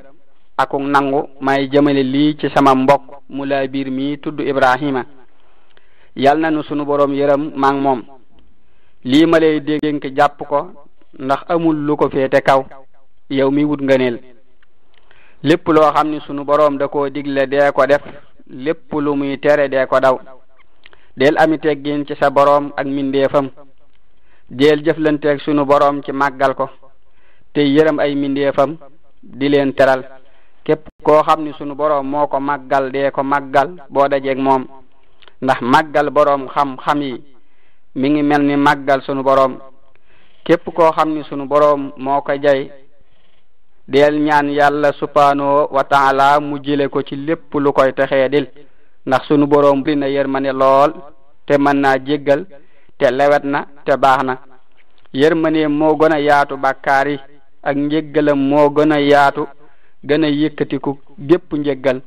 Speaker 1: aku nangu may jëmale lii ci sama mbokk mu laa biir mii tudd Ibrahima yal na nu sunu boroom yërëm maa ngi lii ma lay dénk jàpp ko ndax amul lu ko féete kaw yow mi wut ngëneel lépp loo xam ni sunu borom da koo digle dee ko def lépp lu muy tere dee ko daw del ami teggin ci sa boroom ak mindeefam del jëflanteeg sunu boroom ci màggal ko te yërëm ay mindeefam di leen teral képp koo xam ni sunu borom moo ko màggal dee ko màggal boo dajeeg moom
Speaker 2: ndax màggal
Speaker 1: boroom xam-xam yi mi ngi mel ni màggal sunu boroom képp koo xam ni sunu boroom moo ko jay del ñaan yàlla subhanahu wa taala mu jile ko ci lépp lu koy texeedil ndax sunu boroom li na yërmande lool te mën naa jéggal te lewet na te baax na yërmande moo gën a yaatu bàkkaar ak njéggalam moo gën a yaatu gën a yëkkatiku gépp njéggal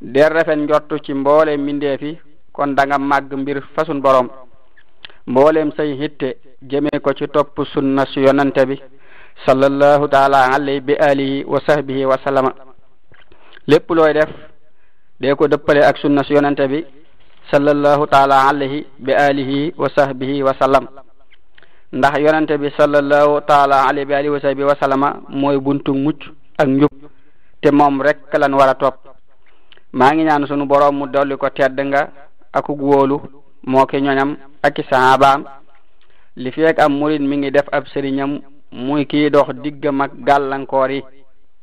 Speaker 1: del rafet njottu ci mboole mbindeef yi kon danga nga màgg mbir fasun boroom mbooleem say hitte jëmee ko ci topp sunna su yonante bi sallallahu taala alayhi bi alihi wa sahbihi wa sallama lepp loy def de ko deppale ak sunna su yonante bi sallallahu taala alayhi bi alihi wa sahbihi wa sallam ndax yonante bi sallallahu taala alayhi bi alihi wa sahbihi wa sallama moy buntu mucc ak njub te mom rek lan wara top ma ngi ñaan sunu borom mu doli ko tedd nga ak guwolu mo ke ñoñam ak sahabaam li fi ak am mourid mi ngi def ab serignam muy kii dox diggam ak gàllankoor yi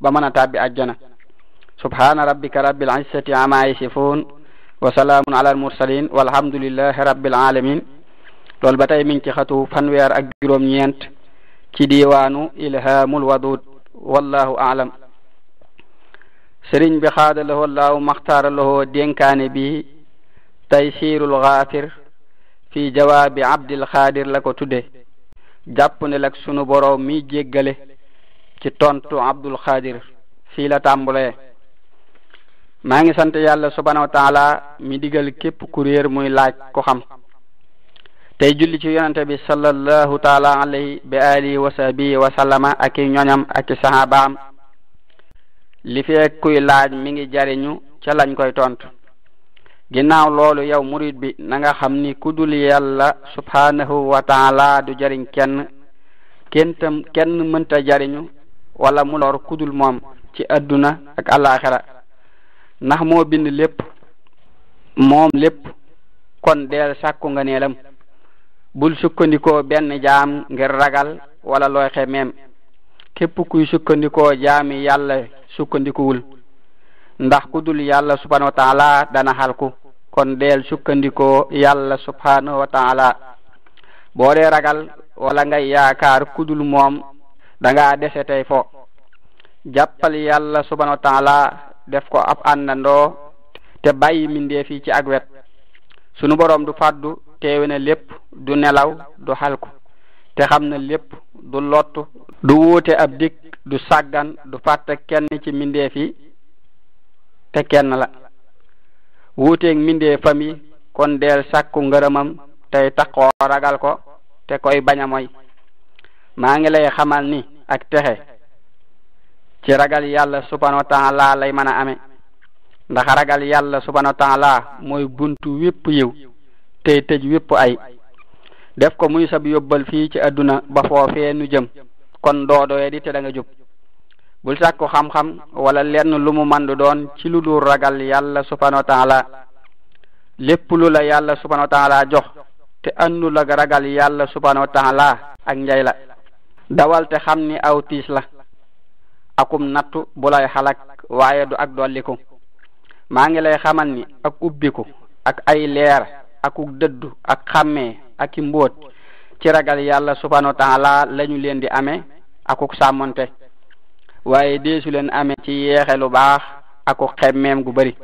Speaker 1: ba mën a tàbbi ajjana subhana rabbika rabbil izzati ama yasifun wa salaamun ala al mursalin walhamdulillahi rabbil alamin loolu ba tey mi ngi ci xatu fanweer ak juróom ñeent ci diiwaanu ilhaamul wadud wallahu aalam sëriñ bi xaada lahoo laaw maxtaara lahoo dénkaane bi taysirul xaatir fi jawaabi abdil xaadir la ko tudde jàpp ne lag sunu boroom mi jéggale ci tontu Abdul Xaadir fii la tàmbalee maa ngi sant yàlla subhanahu wa taala mi digal képp ku réer muy laaj ko xam tey julli ci yonente bi sallallahu taala alayhi bi alihi wa sahbihi wa sallama ak i ñoñam ak sahabaam li kuy laaj mi ngi jariñu ca lañ koy tontu ginnaaw loolu yow murit bi nanga xam ni ku dul yàlla subhanahu wa du jariñ kenn kenn mënta jariñu wala mu kudul moom ci adduna ak alaxira ndax moo bind lépp moom lépp kon deel sàkku nga neelam bul sukkandikoo benn jaam ngir ragal wala looy xemeem képp kuy sukkandikoo jaami yàlla sukkandikuwul ndax ku dul yàlla subhanahu wa dana xalku kon deel sukkandikoo yàlla subhanahu wa taala boo dee ragal wala ngay yaakaar ku dul moom danga dese tey fo jàppal yàlla subhanahu wa taala def ko ab àndandoo te bàyyi mindee fii ci ak wet sunu boroom du faddu teewe na lépp du nelaw du xalku te xam na lépp du lottu du wuute ab dig du sàggan du fàtte kenn ci mindee fi te kenn la wuuteeg mindee fam yi kon deel sàkku ngërëmam tey taqoo ragal ko te koy bañ a mooy maa ngi lay xamal ni ak texe ci ragal yàlla subhanahu wa taala lay mën a amee ndax ragal yàlla subhanahu wa taala mooy buntu wépp yiw tey tëj wépp ay def ko muy sab yóbbal fii ci àdduna ba foofee nu jëm kon doo te da jub bu sàkku xam-xam wala lenn lu mu mandu doon ci lu dul ragal yàlla subhanahu wa taala lépp lu la yàlla subhanahu wa taala jox te àndul ragal yàlla supano wa taala ak njay la dawal te xam ni aw tiis la akum nattu bu lay xalak waaye du ak dolliku maa ngi lay xamal ni ak ubbiku ak ay leer akuk dëddu ak xàmmee ak i mboot ci ragal yàlla subhanahu wa taala la ñu leen di ame akuk sàmmonte waaye deesu leen amee ci yeexe lu baax aku xemmeem gu bari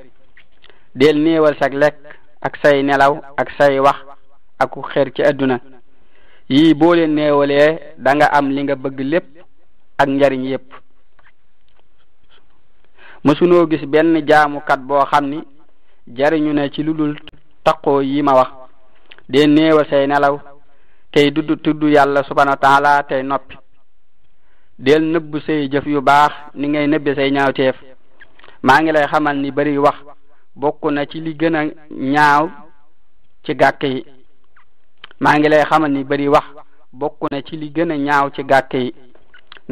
Speaker 1: del néewal sag lekk ak say nelaw ak say wax aku xer ci àdduna yii boo leen néewalee danga am li nga bëgg lépp ak njariñ yépp mësunoo gis benn jaamukat boo xam ni jariñu na ci lu dul taqoo yi ma wax dee néewal say nelaw tey dudd tudd yàlla subhanahu wa taala tey noppi del nëbb say jëf yu baax ni ngay nëbbe say ñaawteef maa ngi lay xamal ni bari wax bokk na ci li gën a ñaaw ci gàkk yi maa ngi lay xamal ni bari wax bokk na ci li gën a ñaaw ci gàkk yi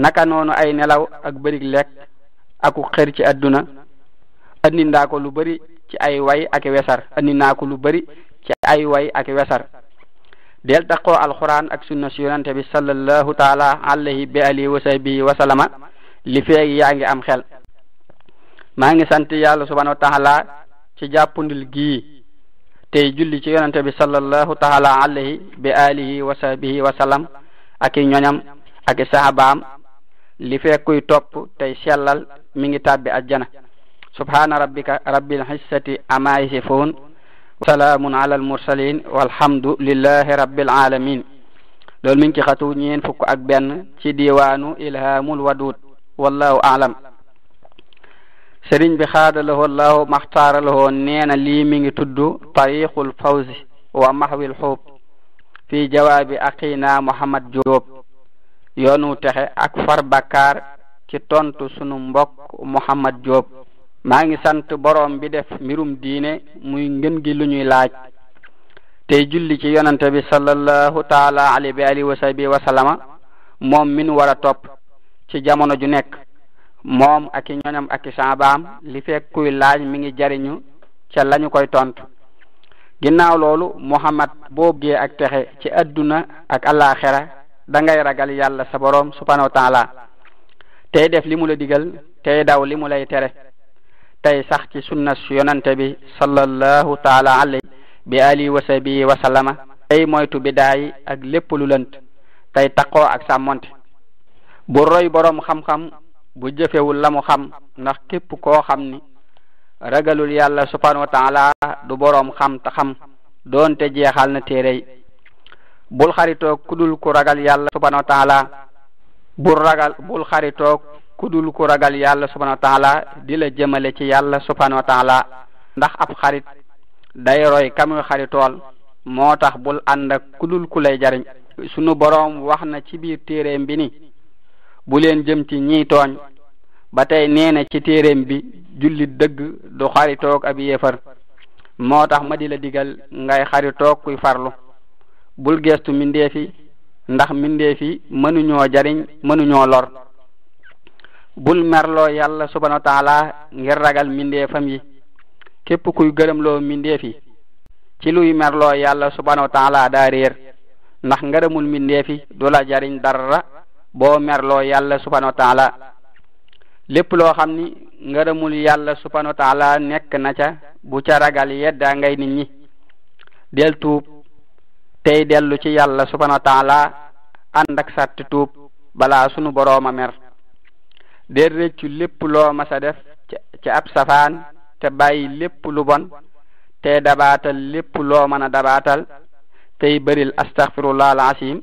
Speaker 1: naka noonu ay nelaw ak bari lekk aku xër ci àdduna andi ndaa ko lu bari ci ay way ak wesar andi naa ko lu bari ci ay way ak wesar del taqoo alquran ak sunna si yonante bi sallallahu taala alayhi bi alihi wa sahbihi wa sallama li feeg yaa ngi am xel maa ngi sant yàlla subhanahu wa ci jàppundil gii tey julli ci yonante bi sallallahu taala alayhi bi alihi wa sahbihi wa sallam ak ñoñam ak i sahabaam li kuy topp tey sellal mi ngi tàbbi ajjana subhana rabbika rabbil hissati ama yasifuun وسلام على المرسلين والحمد لله رب العالمين لول مين كي خاتو نين فوك اك بن سي ديوانو الهام الودود والله اعلم سيرين بي خادله الله مختار له نين لي ميغي تودو طريق الفوز ومحو الحب في جواب اخينا محمد جوب يونو تخي اك بكار كي تونتو سونو محمد جوب maa ngi sant boroom bi def mbirum diine muy ngën gi lu ñuy laaj tey julli ci yonante bi sallallahu taala alayhi bi alihi wa moom min war a topp ci jamono ju nekk moom ak i ñoñam ak saabaam li fekk kuy laaj mi ngi jariñu ca lañu koy tontu ginnaaw loolu muhammad boobu gee ak texe ci adduna ak alaxira da ngay ragal yàlla sa boroom subhanahu wa tey def limu la digal tey daw li lay tere tey sax ci sunna yonante bi sallallahu taala alayhi bi alihi wa sahbihi wa sallama tey moytu bidaayi ak lépp lu lënt tey taqoo ak sàmmonte bu roy boroom xam-xam bu jëfewul la mu xam ndax képp koo xam ni ragalul yàlla subhanahu wa taala du boroom xam te xam doonte jeexal na téerey bul xaritoog ku dul ku ragal yàlla subhanahu wa bul ragal bul xaritoog kudul ku ragal yàlla subhanahu wa taala di la jëmale ci yàlla subhanahu wa taala ndax ab xarit day roy kamuy xaritool moo tax bul ànd ak kudul ku lay jariñ sunu boroom wax na ci biir téereem bi ni bu leen jëm ci ñiy tooñ ba tey nee na ci téereem bi jullit dëgg du xaritoog ab yéefar moo tax ma di la digal ngay xaritoog kuy farlu bul geestu mindeefi ndax mindeefi mënuñoo jariñ mënuñoo lor bul merloo yàlla subhanahu wa ngir ragal mindeefam yi képp kuy gërëmloo mindeef fi ci luy merloo yàlla subhanahu wa taala daa réer ndax ngërëmul mindeef yi du la jariñ dara boo merloo yàlla subhanahu wa loo xam ni ngërëmul yàlla subhanahu wa nekk na ca bu ca ragal yeddaa ngay nit ñi del tuub tey dellu ci yàlla subhanahu wa taala ànd tuub balaa sunu borooma mer del réccu lépp loo mas a def ci ab safaan te bàyyi lépp lu bon te dabaatal lépp loo mën a dabaatal tey baril astaghfirullah alazim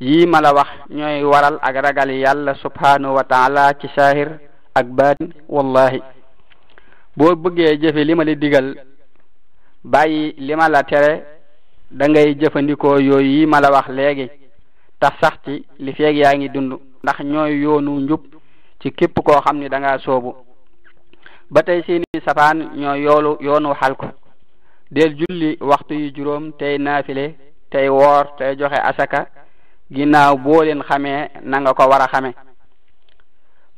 Speaker 1: yii ma wax ñooy waral ak ragal yàlla subhanahu wa taala ci saahir ak baatin wallahi boo bëggee jëfe li ma la digal bàyyi li tere da ngay jëfandikoo yooyu yi ma wax léegi tax sax li feeg yaa ngi dund ndax ñooy yoonu njub ci képp koo xam ni danga ngaa soobu ba tey seeni safaan ñoo yoolu del julli waxtu yu juróom tey naafile tey woor tey joxe asaka ginnaaw boo leen xamee na nga ko war a xame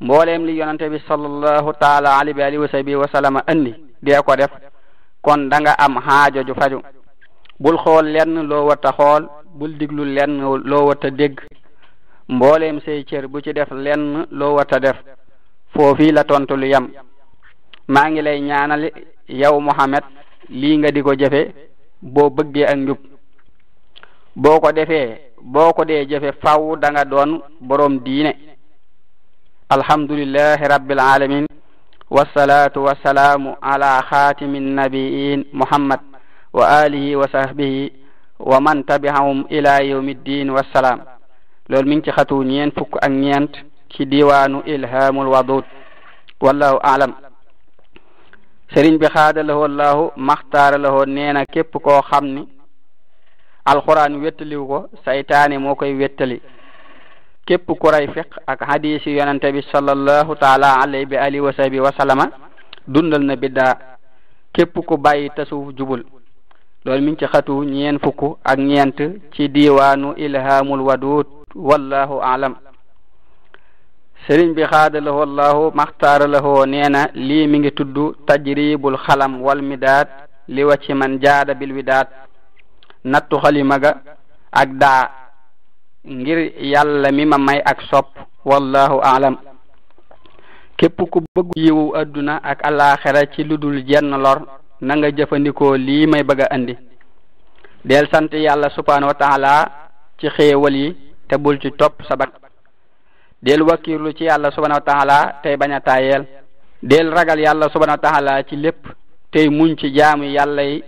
Speaker 1: mbooleem li yonante bi sallallahu taala alayhi wa sahbihi andi dee ko def kon da nga am xaajo faju bul xool lenn loo warta xool bul diglu lenn loo warta dégg mbooleem say cër bu ci def lenn loo warta def foofi la tontu lu yam maa ngi lay ñaanal yow mohammed lii nga di ko jëfe boo bëggee ak njub boo ko defee boo ko dee jëfe faw da nga doon boroom diine alhamdulilahi rabbil alamin wassalatu wassalaamu ala xaatimi nabiin mohammad wa alihi wa sahbihi wa man tabihahum ila yowmi ddin wassalaam lool mi ngi ci xatu ñeent fukk ak ñeent ci diwaanu ilhamul wadud wallahu alam sëriñ bi xaada lahoo laahu maxtaara lahoo nee na képp koo xam ni alxuraan wettaliwu ko saytaane moo koy wettali képp ku ray fiq ak hadis yi yonente bi sallallahu bi alihi wa sahbi dundal na biddaa képp ku bàyyi tasawuf jubul loolu mi ci xatu ñeent fukk ak ñeent ci diwaanu ilhamul wadud wallahu alam sëriñ bi xaada la wallahu maxtaara la hoo nee na lii mi ngi tudd tajribul xalam wal midaat li wa ci man jaada bil widaat nattu xalima ga ak daa ngir yàlla mi ma may ak sopp wallahu alam képp ku bëgg yiwu adduna ak alaxira ci ludul jenn lor na nga jëfandikoo lii may bëgg a andi del sant yàlla subhanahu wa taala ci xéewal yi te bul ci topp sa bakkan del wakiirlu ci yàlla subhanahu wa taala tey bañ a taayeel del ragal yàlla subhanahu wa taala ci lépp tey muñ ci jaamu yàlla yi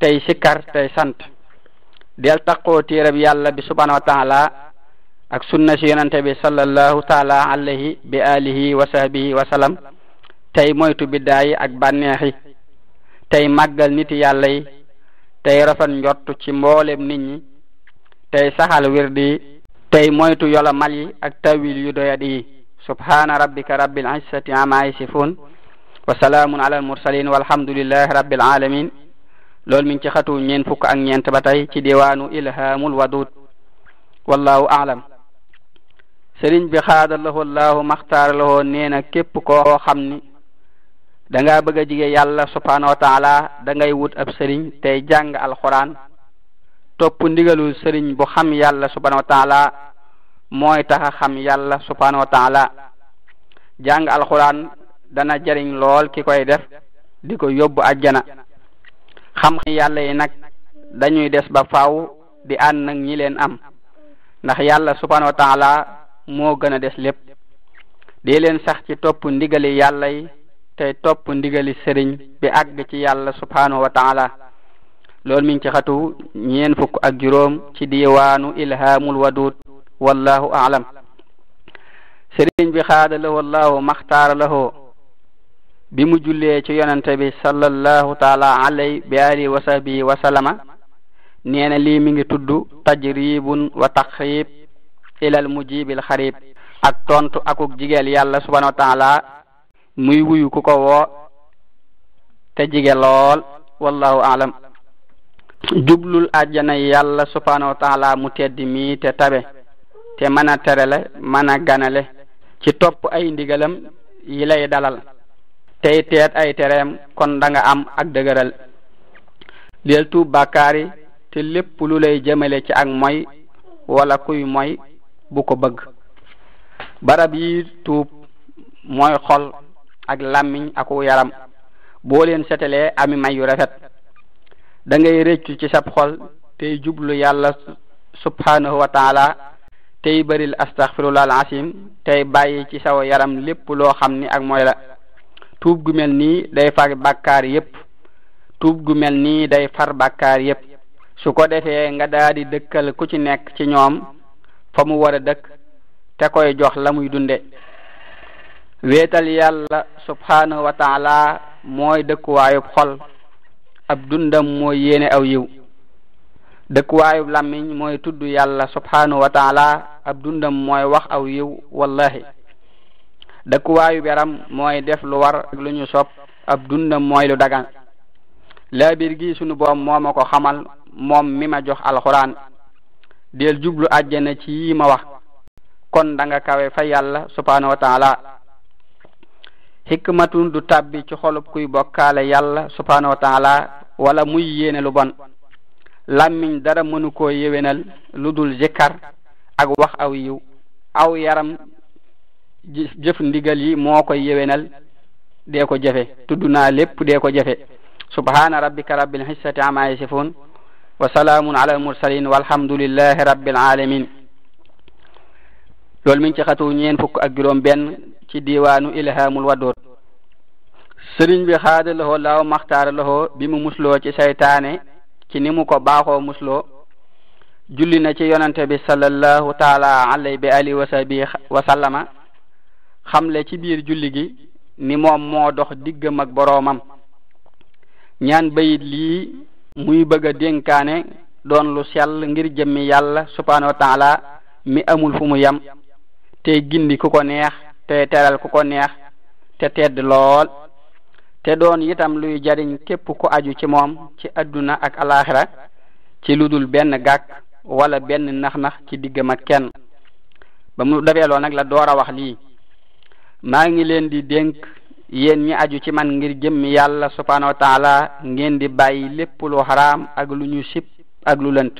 Speaker 1: tey sikkar tey sant del taqoo téerab yàlla bi subhanahu wa taala ak sunna si bi sallallahu taala alayhi bi alihi wa sahbihi tey moytu biddaa yi ak bànneexi tey màggal niti yàlla yi tey rafet njott ci mboolem nit tey saxal wirdi tey moytu yolomal yi ak tawil yu doyat yi subhana rabbika rabbil izzati amma yasifun wa salaamun ala al mursalin walhamdulillahi rabbil alamin loolu mi ngi ci xatu ñeen fukk ak ñeent ba tey ci diwaanu ilhamul wadud wallahu aalam bi xaadalahoo allahu maxtaaralahoo nee na képp koo xam ni da ngaa bëgg a jige yàlla subhanahu wa taala da ngay wut ab sëriñ tey jàng alquran topp ndigalul sëriñ bu xam yàlla subhanahu wa taala mooy taxa xam yàlla subhanahu wa taala jàng alxuraan dana jariñ lool ki koy def di ko yóbbu ajjana xam yàlla yi nag dañuy des ba faw di ànd nag ñi leen am ndax yàlla subhanahu wa moo gën a des lépp di leen sax ci topp ndigali yàlla yi tey topp ndigali sëriñ bi àgg ci yàlla subhanahu wa lool mi ngi ci xatu ñeen fukk ak juróom ci diwaanu ilhaamul wadud wallahu aalam sëriñ bi xaada lahoo allahu maxtaara lahoo bi mu jullee ci yonante bi sallallahu taala alay bi alihi wa sahbihi wa sallama nee na lii mi ngi tudd tajribun wa taqrib ilal mujibil xarib ak tontu akuk jigéel yàlla subhanahu wa taala muy wuyu ku ko woo te jige lool wallahu aalam jublul àjjana yàlla subhanahu wa taala mu tedd mii te tabe te mën a terale mën a ganale ci topp ay ndigalam yi lay dalal tey teet ay tereem kon danga am ak dëgëral del tuub bàkkaar yi te lépp lu lay jëmale ci ak moy wala kuy moy bu ko bëgg barab yi tuub mooy xol ak làmmiñ aku yaram boo leen setalee ami may yu rafet da ngay réccu ci sab xol tey jublu yàlla subhanahu wa taala tey baril astaghfirullah al asim tey bàyyi ci saw yaram lépp loo xam ni ak mooy la tuub gu mel nii day far bakkaar yépp tuub gu mel nii day far bàkkaar yépp su ko defee nga daa di dëkkal ku ci nekk ci ñoom fa mu war a dëkk te koy jox la muy dunde wéetal yàlla subhanahu wa mooy dëkkuwaayub xol ab dundam mooy yéene aw yiw dëkkuwaayub làmmiñ mooy tudd yàlla subhanahu wa taala ab dundam mooy wax aw yiw wallahi dëkkuwaayub yaram mooy def lu war ak lu ñu sopp ab dundam mooy lu dagan laabir gi sunu boom moo ko xamal moom mi ma jox alxuraan del jublu àjjana ci yi wax kon da kawe fa yàlla subhanahu wa xikmatun du tabbi ci xolub kuy bokkaale yàlla subhanahu wa taala wala muy yéene lu bon làmmiñ dara mënu koo yéwénal lu dul zikkar ak wax aw yiw aw yaram jëf ndigal yi moo koy yéwénal dee ko jafe tudd naa lépp dee ko jafe subhana rabbika rabbil xissati ama yasifun wa salaamun ala al mursalin walhamdulillahi rabbil alamin loolu mi ci xatu ñeen fukk ak juróom ci diiwaanu ilhamul wadood sëriñ bi xaada la xoo laaw maxtaara la xoo bi mu musloo ci saytaane ci ni mu ko baaxoo musloo julli na ci yonante bi salallahu taala alay bi ali wasabi wasallama xam le ci biir julli gi ni moom moo dox diggam ak boroomam ñaan bayit lii muy bëgg a dénkaane doon lu sell ngir jëmmi yàlla subhanahu wa taala mi amul fu mu yam te gindi ku ko neex te teral ku ko neex te tedd lool te doon itam luy jariñ képp ku aju ci moom ci adduna ak alaxira ci lu dul benn gàkk wala benn nax-nax ci diggam ak kenn ba mu defeeloo nag la door a wax lii maa ngi leen di dénk yéen ñi aju ci man ngir jëmmi yàlla subhanahu wa ngeen di bàyyi lépp lu xaraam ak lu ñu sib ak lu lënt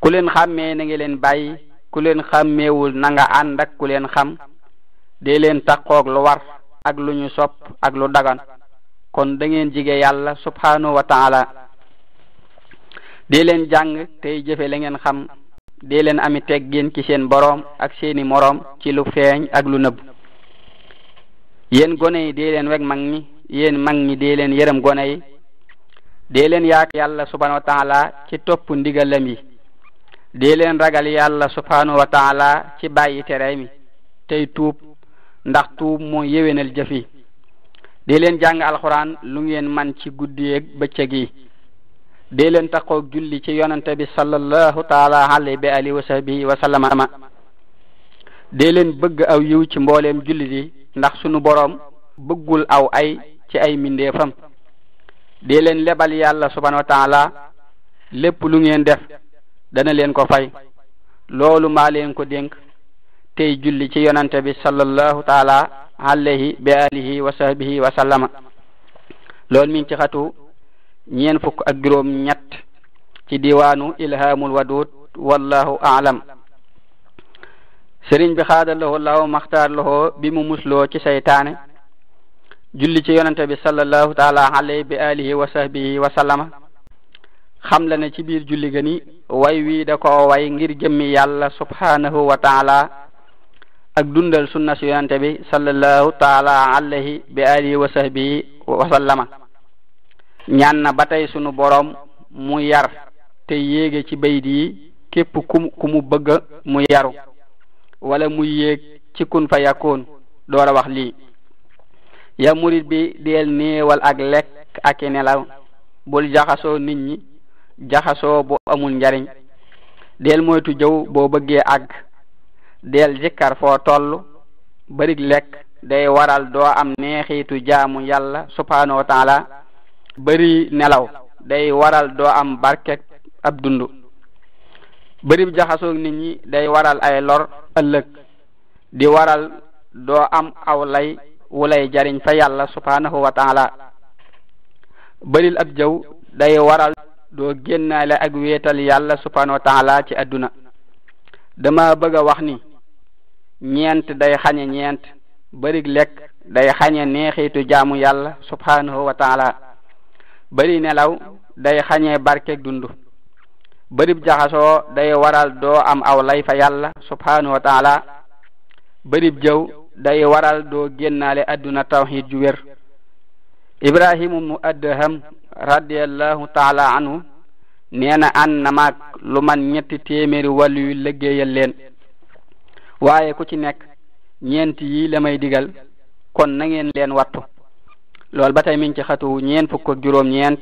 Speaker 1: ku leen xàmmee na nga leen bàyyi ku leen xàmmeewul nanga nga ak ku leen xam dee leen taqoog lu war ak lu ñu sopp ak lu dagan kon da ngeen jige yàlla subhanahu wa taala dee leen jàng tey jëfe la ngeen xam dee leen ami teggin ci seen boroom ak seeni moroom ci lu feeñ ak lu nëbb yéen gone yi dee leen mag ñi yéen mag ñi dee leen yërëm gone yi dee leen yaak yàlla subhanahu wa ci topp ndigalam yi dee leen ragal yàlla subhanahu wa ci bàyyi tere tey tuub ndax tuub moo yéwénal jëf yi dee leen jàng alxuraan lu ngeen man ci guddi ak bëccëg yi dee leen taxaw julli ci yonante bi sallallahu taala alayhi bi alihi wa sahbihi dee leen bëgg aw yiw ci mbooleem jullit yi ndax sunu boroom bëggul aw ay ci ay mindeefam dee leen lebal yàlla subhanahu wa taala lépp lu ngeen def dana leen ko fay loolu maa leen ko dénk tey julli ci yonante bi sallallahu taala alayhi bi alihi wa sahbihi wa sallama loolu mi ngi ci xatu ñeen fukk ak ñett ci diwaanu ilhamul wadud wallahu aalam sëriñ bi xaadalowoo law maxtaar lowoo bi mu musloo ci seytaane julli ci yonante bi sallallahu taala alayhi bi alihi wa sahbihi wa sallama xam la ci biir julli gëni way wii da ko way ngir jëmmi yàlla subhanahu wa taala ak dundal sunna si yonante bi sallallahu taala alayhi bi alihi wa sahbihi wa sallama ñaan na ba tey sunu boroom mu yar te yéege ci bayt yi képp ku mu bëgg mu yaru wala mu yéeg ci kun fa yakkoon door a wax lii ya bi deel néewal ak lekk ak nelaw bul jaxasoo nit ñi jaxasoo bu amul njariñ deel moytu jëw boo bëggee àgg del jikkar foo toll bërig lekk day waral doo am neexiitu jaamu yàlla subhanahu wa taala bëri nelaw day waral doo am barke ab dundu bërib jaxasoog nit ñi day waral ay lor ëllëg di waral doo am aw lay wulay jariñ fa yàlla subhanahu wa taala ab jaww day waral doo génnaale ak wéetal yàlla subhanahu wa taala ci adduna dama bëgg wax ni ñeent day xañe ñeent bërig lekk day xañe neexitu jaamu yàlla subhanahu wa taala nelaw day xañe barkeg dund bërib jaxasoo day waral doo am aw lay fa yàlla subhanahu wa taala jëw day waral doo génnaale adduna tawhid ju wér ibrahimu mu addaham radiallahu taala anhu nee na na maag lu man ñetti téeméeri wàllu yu liggéeyal leen waaye ku ci nekk ñeent yii la may digal kon na ngeen leen wattu loolu ba tey mi ci xatu ñeent fukk ak juróom ñeent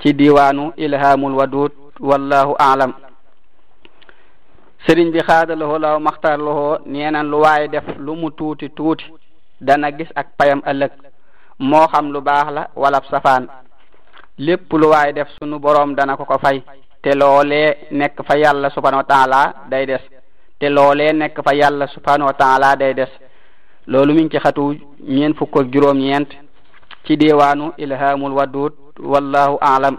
Speaker 1: ci diwaanu ilhamul wadud wallahu aalam sëriñ bi xaadalowoo law maxtarlowoo nee nan lu waaye def lu mu tuuti tuuti dana gis ak payam ëllëg moo xam lu baax la wala safaan lépp lu waaye def sunu boroom dana ko ko fay te loolee nekk fa yàlla subhanahu wa day des te loolee nekk fa yàlla subhanahu wa taala day des loolu mi ngi ci xatu ñeent fukk ak juróom-ñeent ci diwaanu ilhamul wadud wallahu alam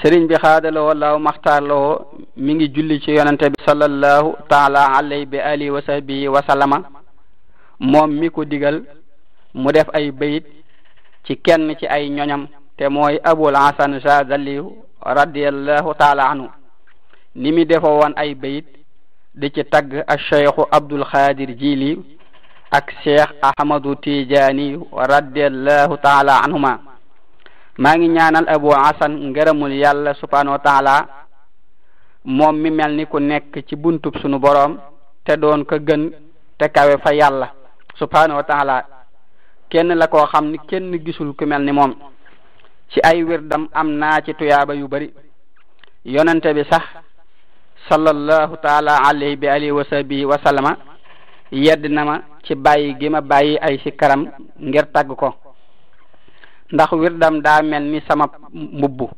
Speaker 1: sëriñ bi xaadaloo wallahu maxtaarloo mi ngi julli ci yonente bi sallallahu taala alay bi alihi wa sahbihi wa sallama moom mi ko digal mu def ay bayit ci kenn ci ay ñoñam te mooy abul hasan jazali radiallahu taala anhu ni mi defoon woon ay bayit di ci tagg a cheikhu abdul xaadir jili ak cheikh ahmadu tijaani radiallahu taala anhuma maa ngi ñaanal abu hasan ngërëmul yàlla subhanahu wa taala moom mi mel ni ku nekk ci buntub sunu boroom te doon ko gën te kawe fa yàlla subhanahu wa taala kenn la koo xam ni kenn gisul ku mel ni moom ci ay wirdam am naa ci tuyaaba yu bari yonente bi sax sallallahu taala alayhi bi alihi wa sahbihi wa na ma ci bàyyi gima ma bàyyi ay sikkaram ngir tagg ko ndax wirdam daa mel ni sama mbubb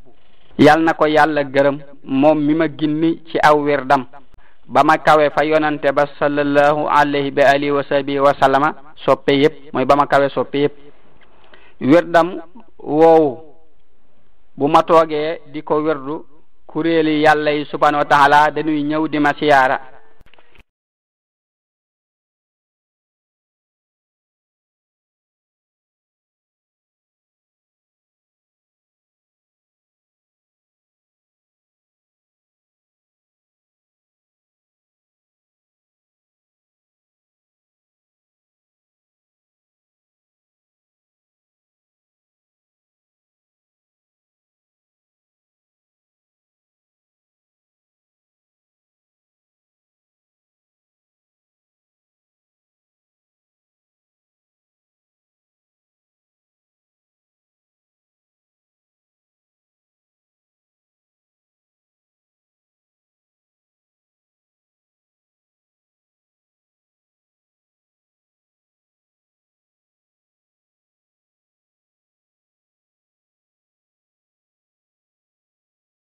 Speaker 1: yal na ko yàlla gërëm moom mi ma ginni ci aw wirdam ba ma kawe fa yonante ba sallallahu alayhi bi alihi wa sahbihi soppe yëpp mooy ba ma kawe soppe yëpp wirdam woowu bu ma toogee di ko wirdu kuréeli yàlla yi subhanahu wa taala dañuy ñëw di ma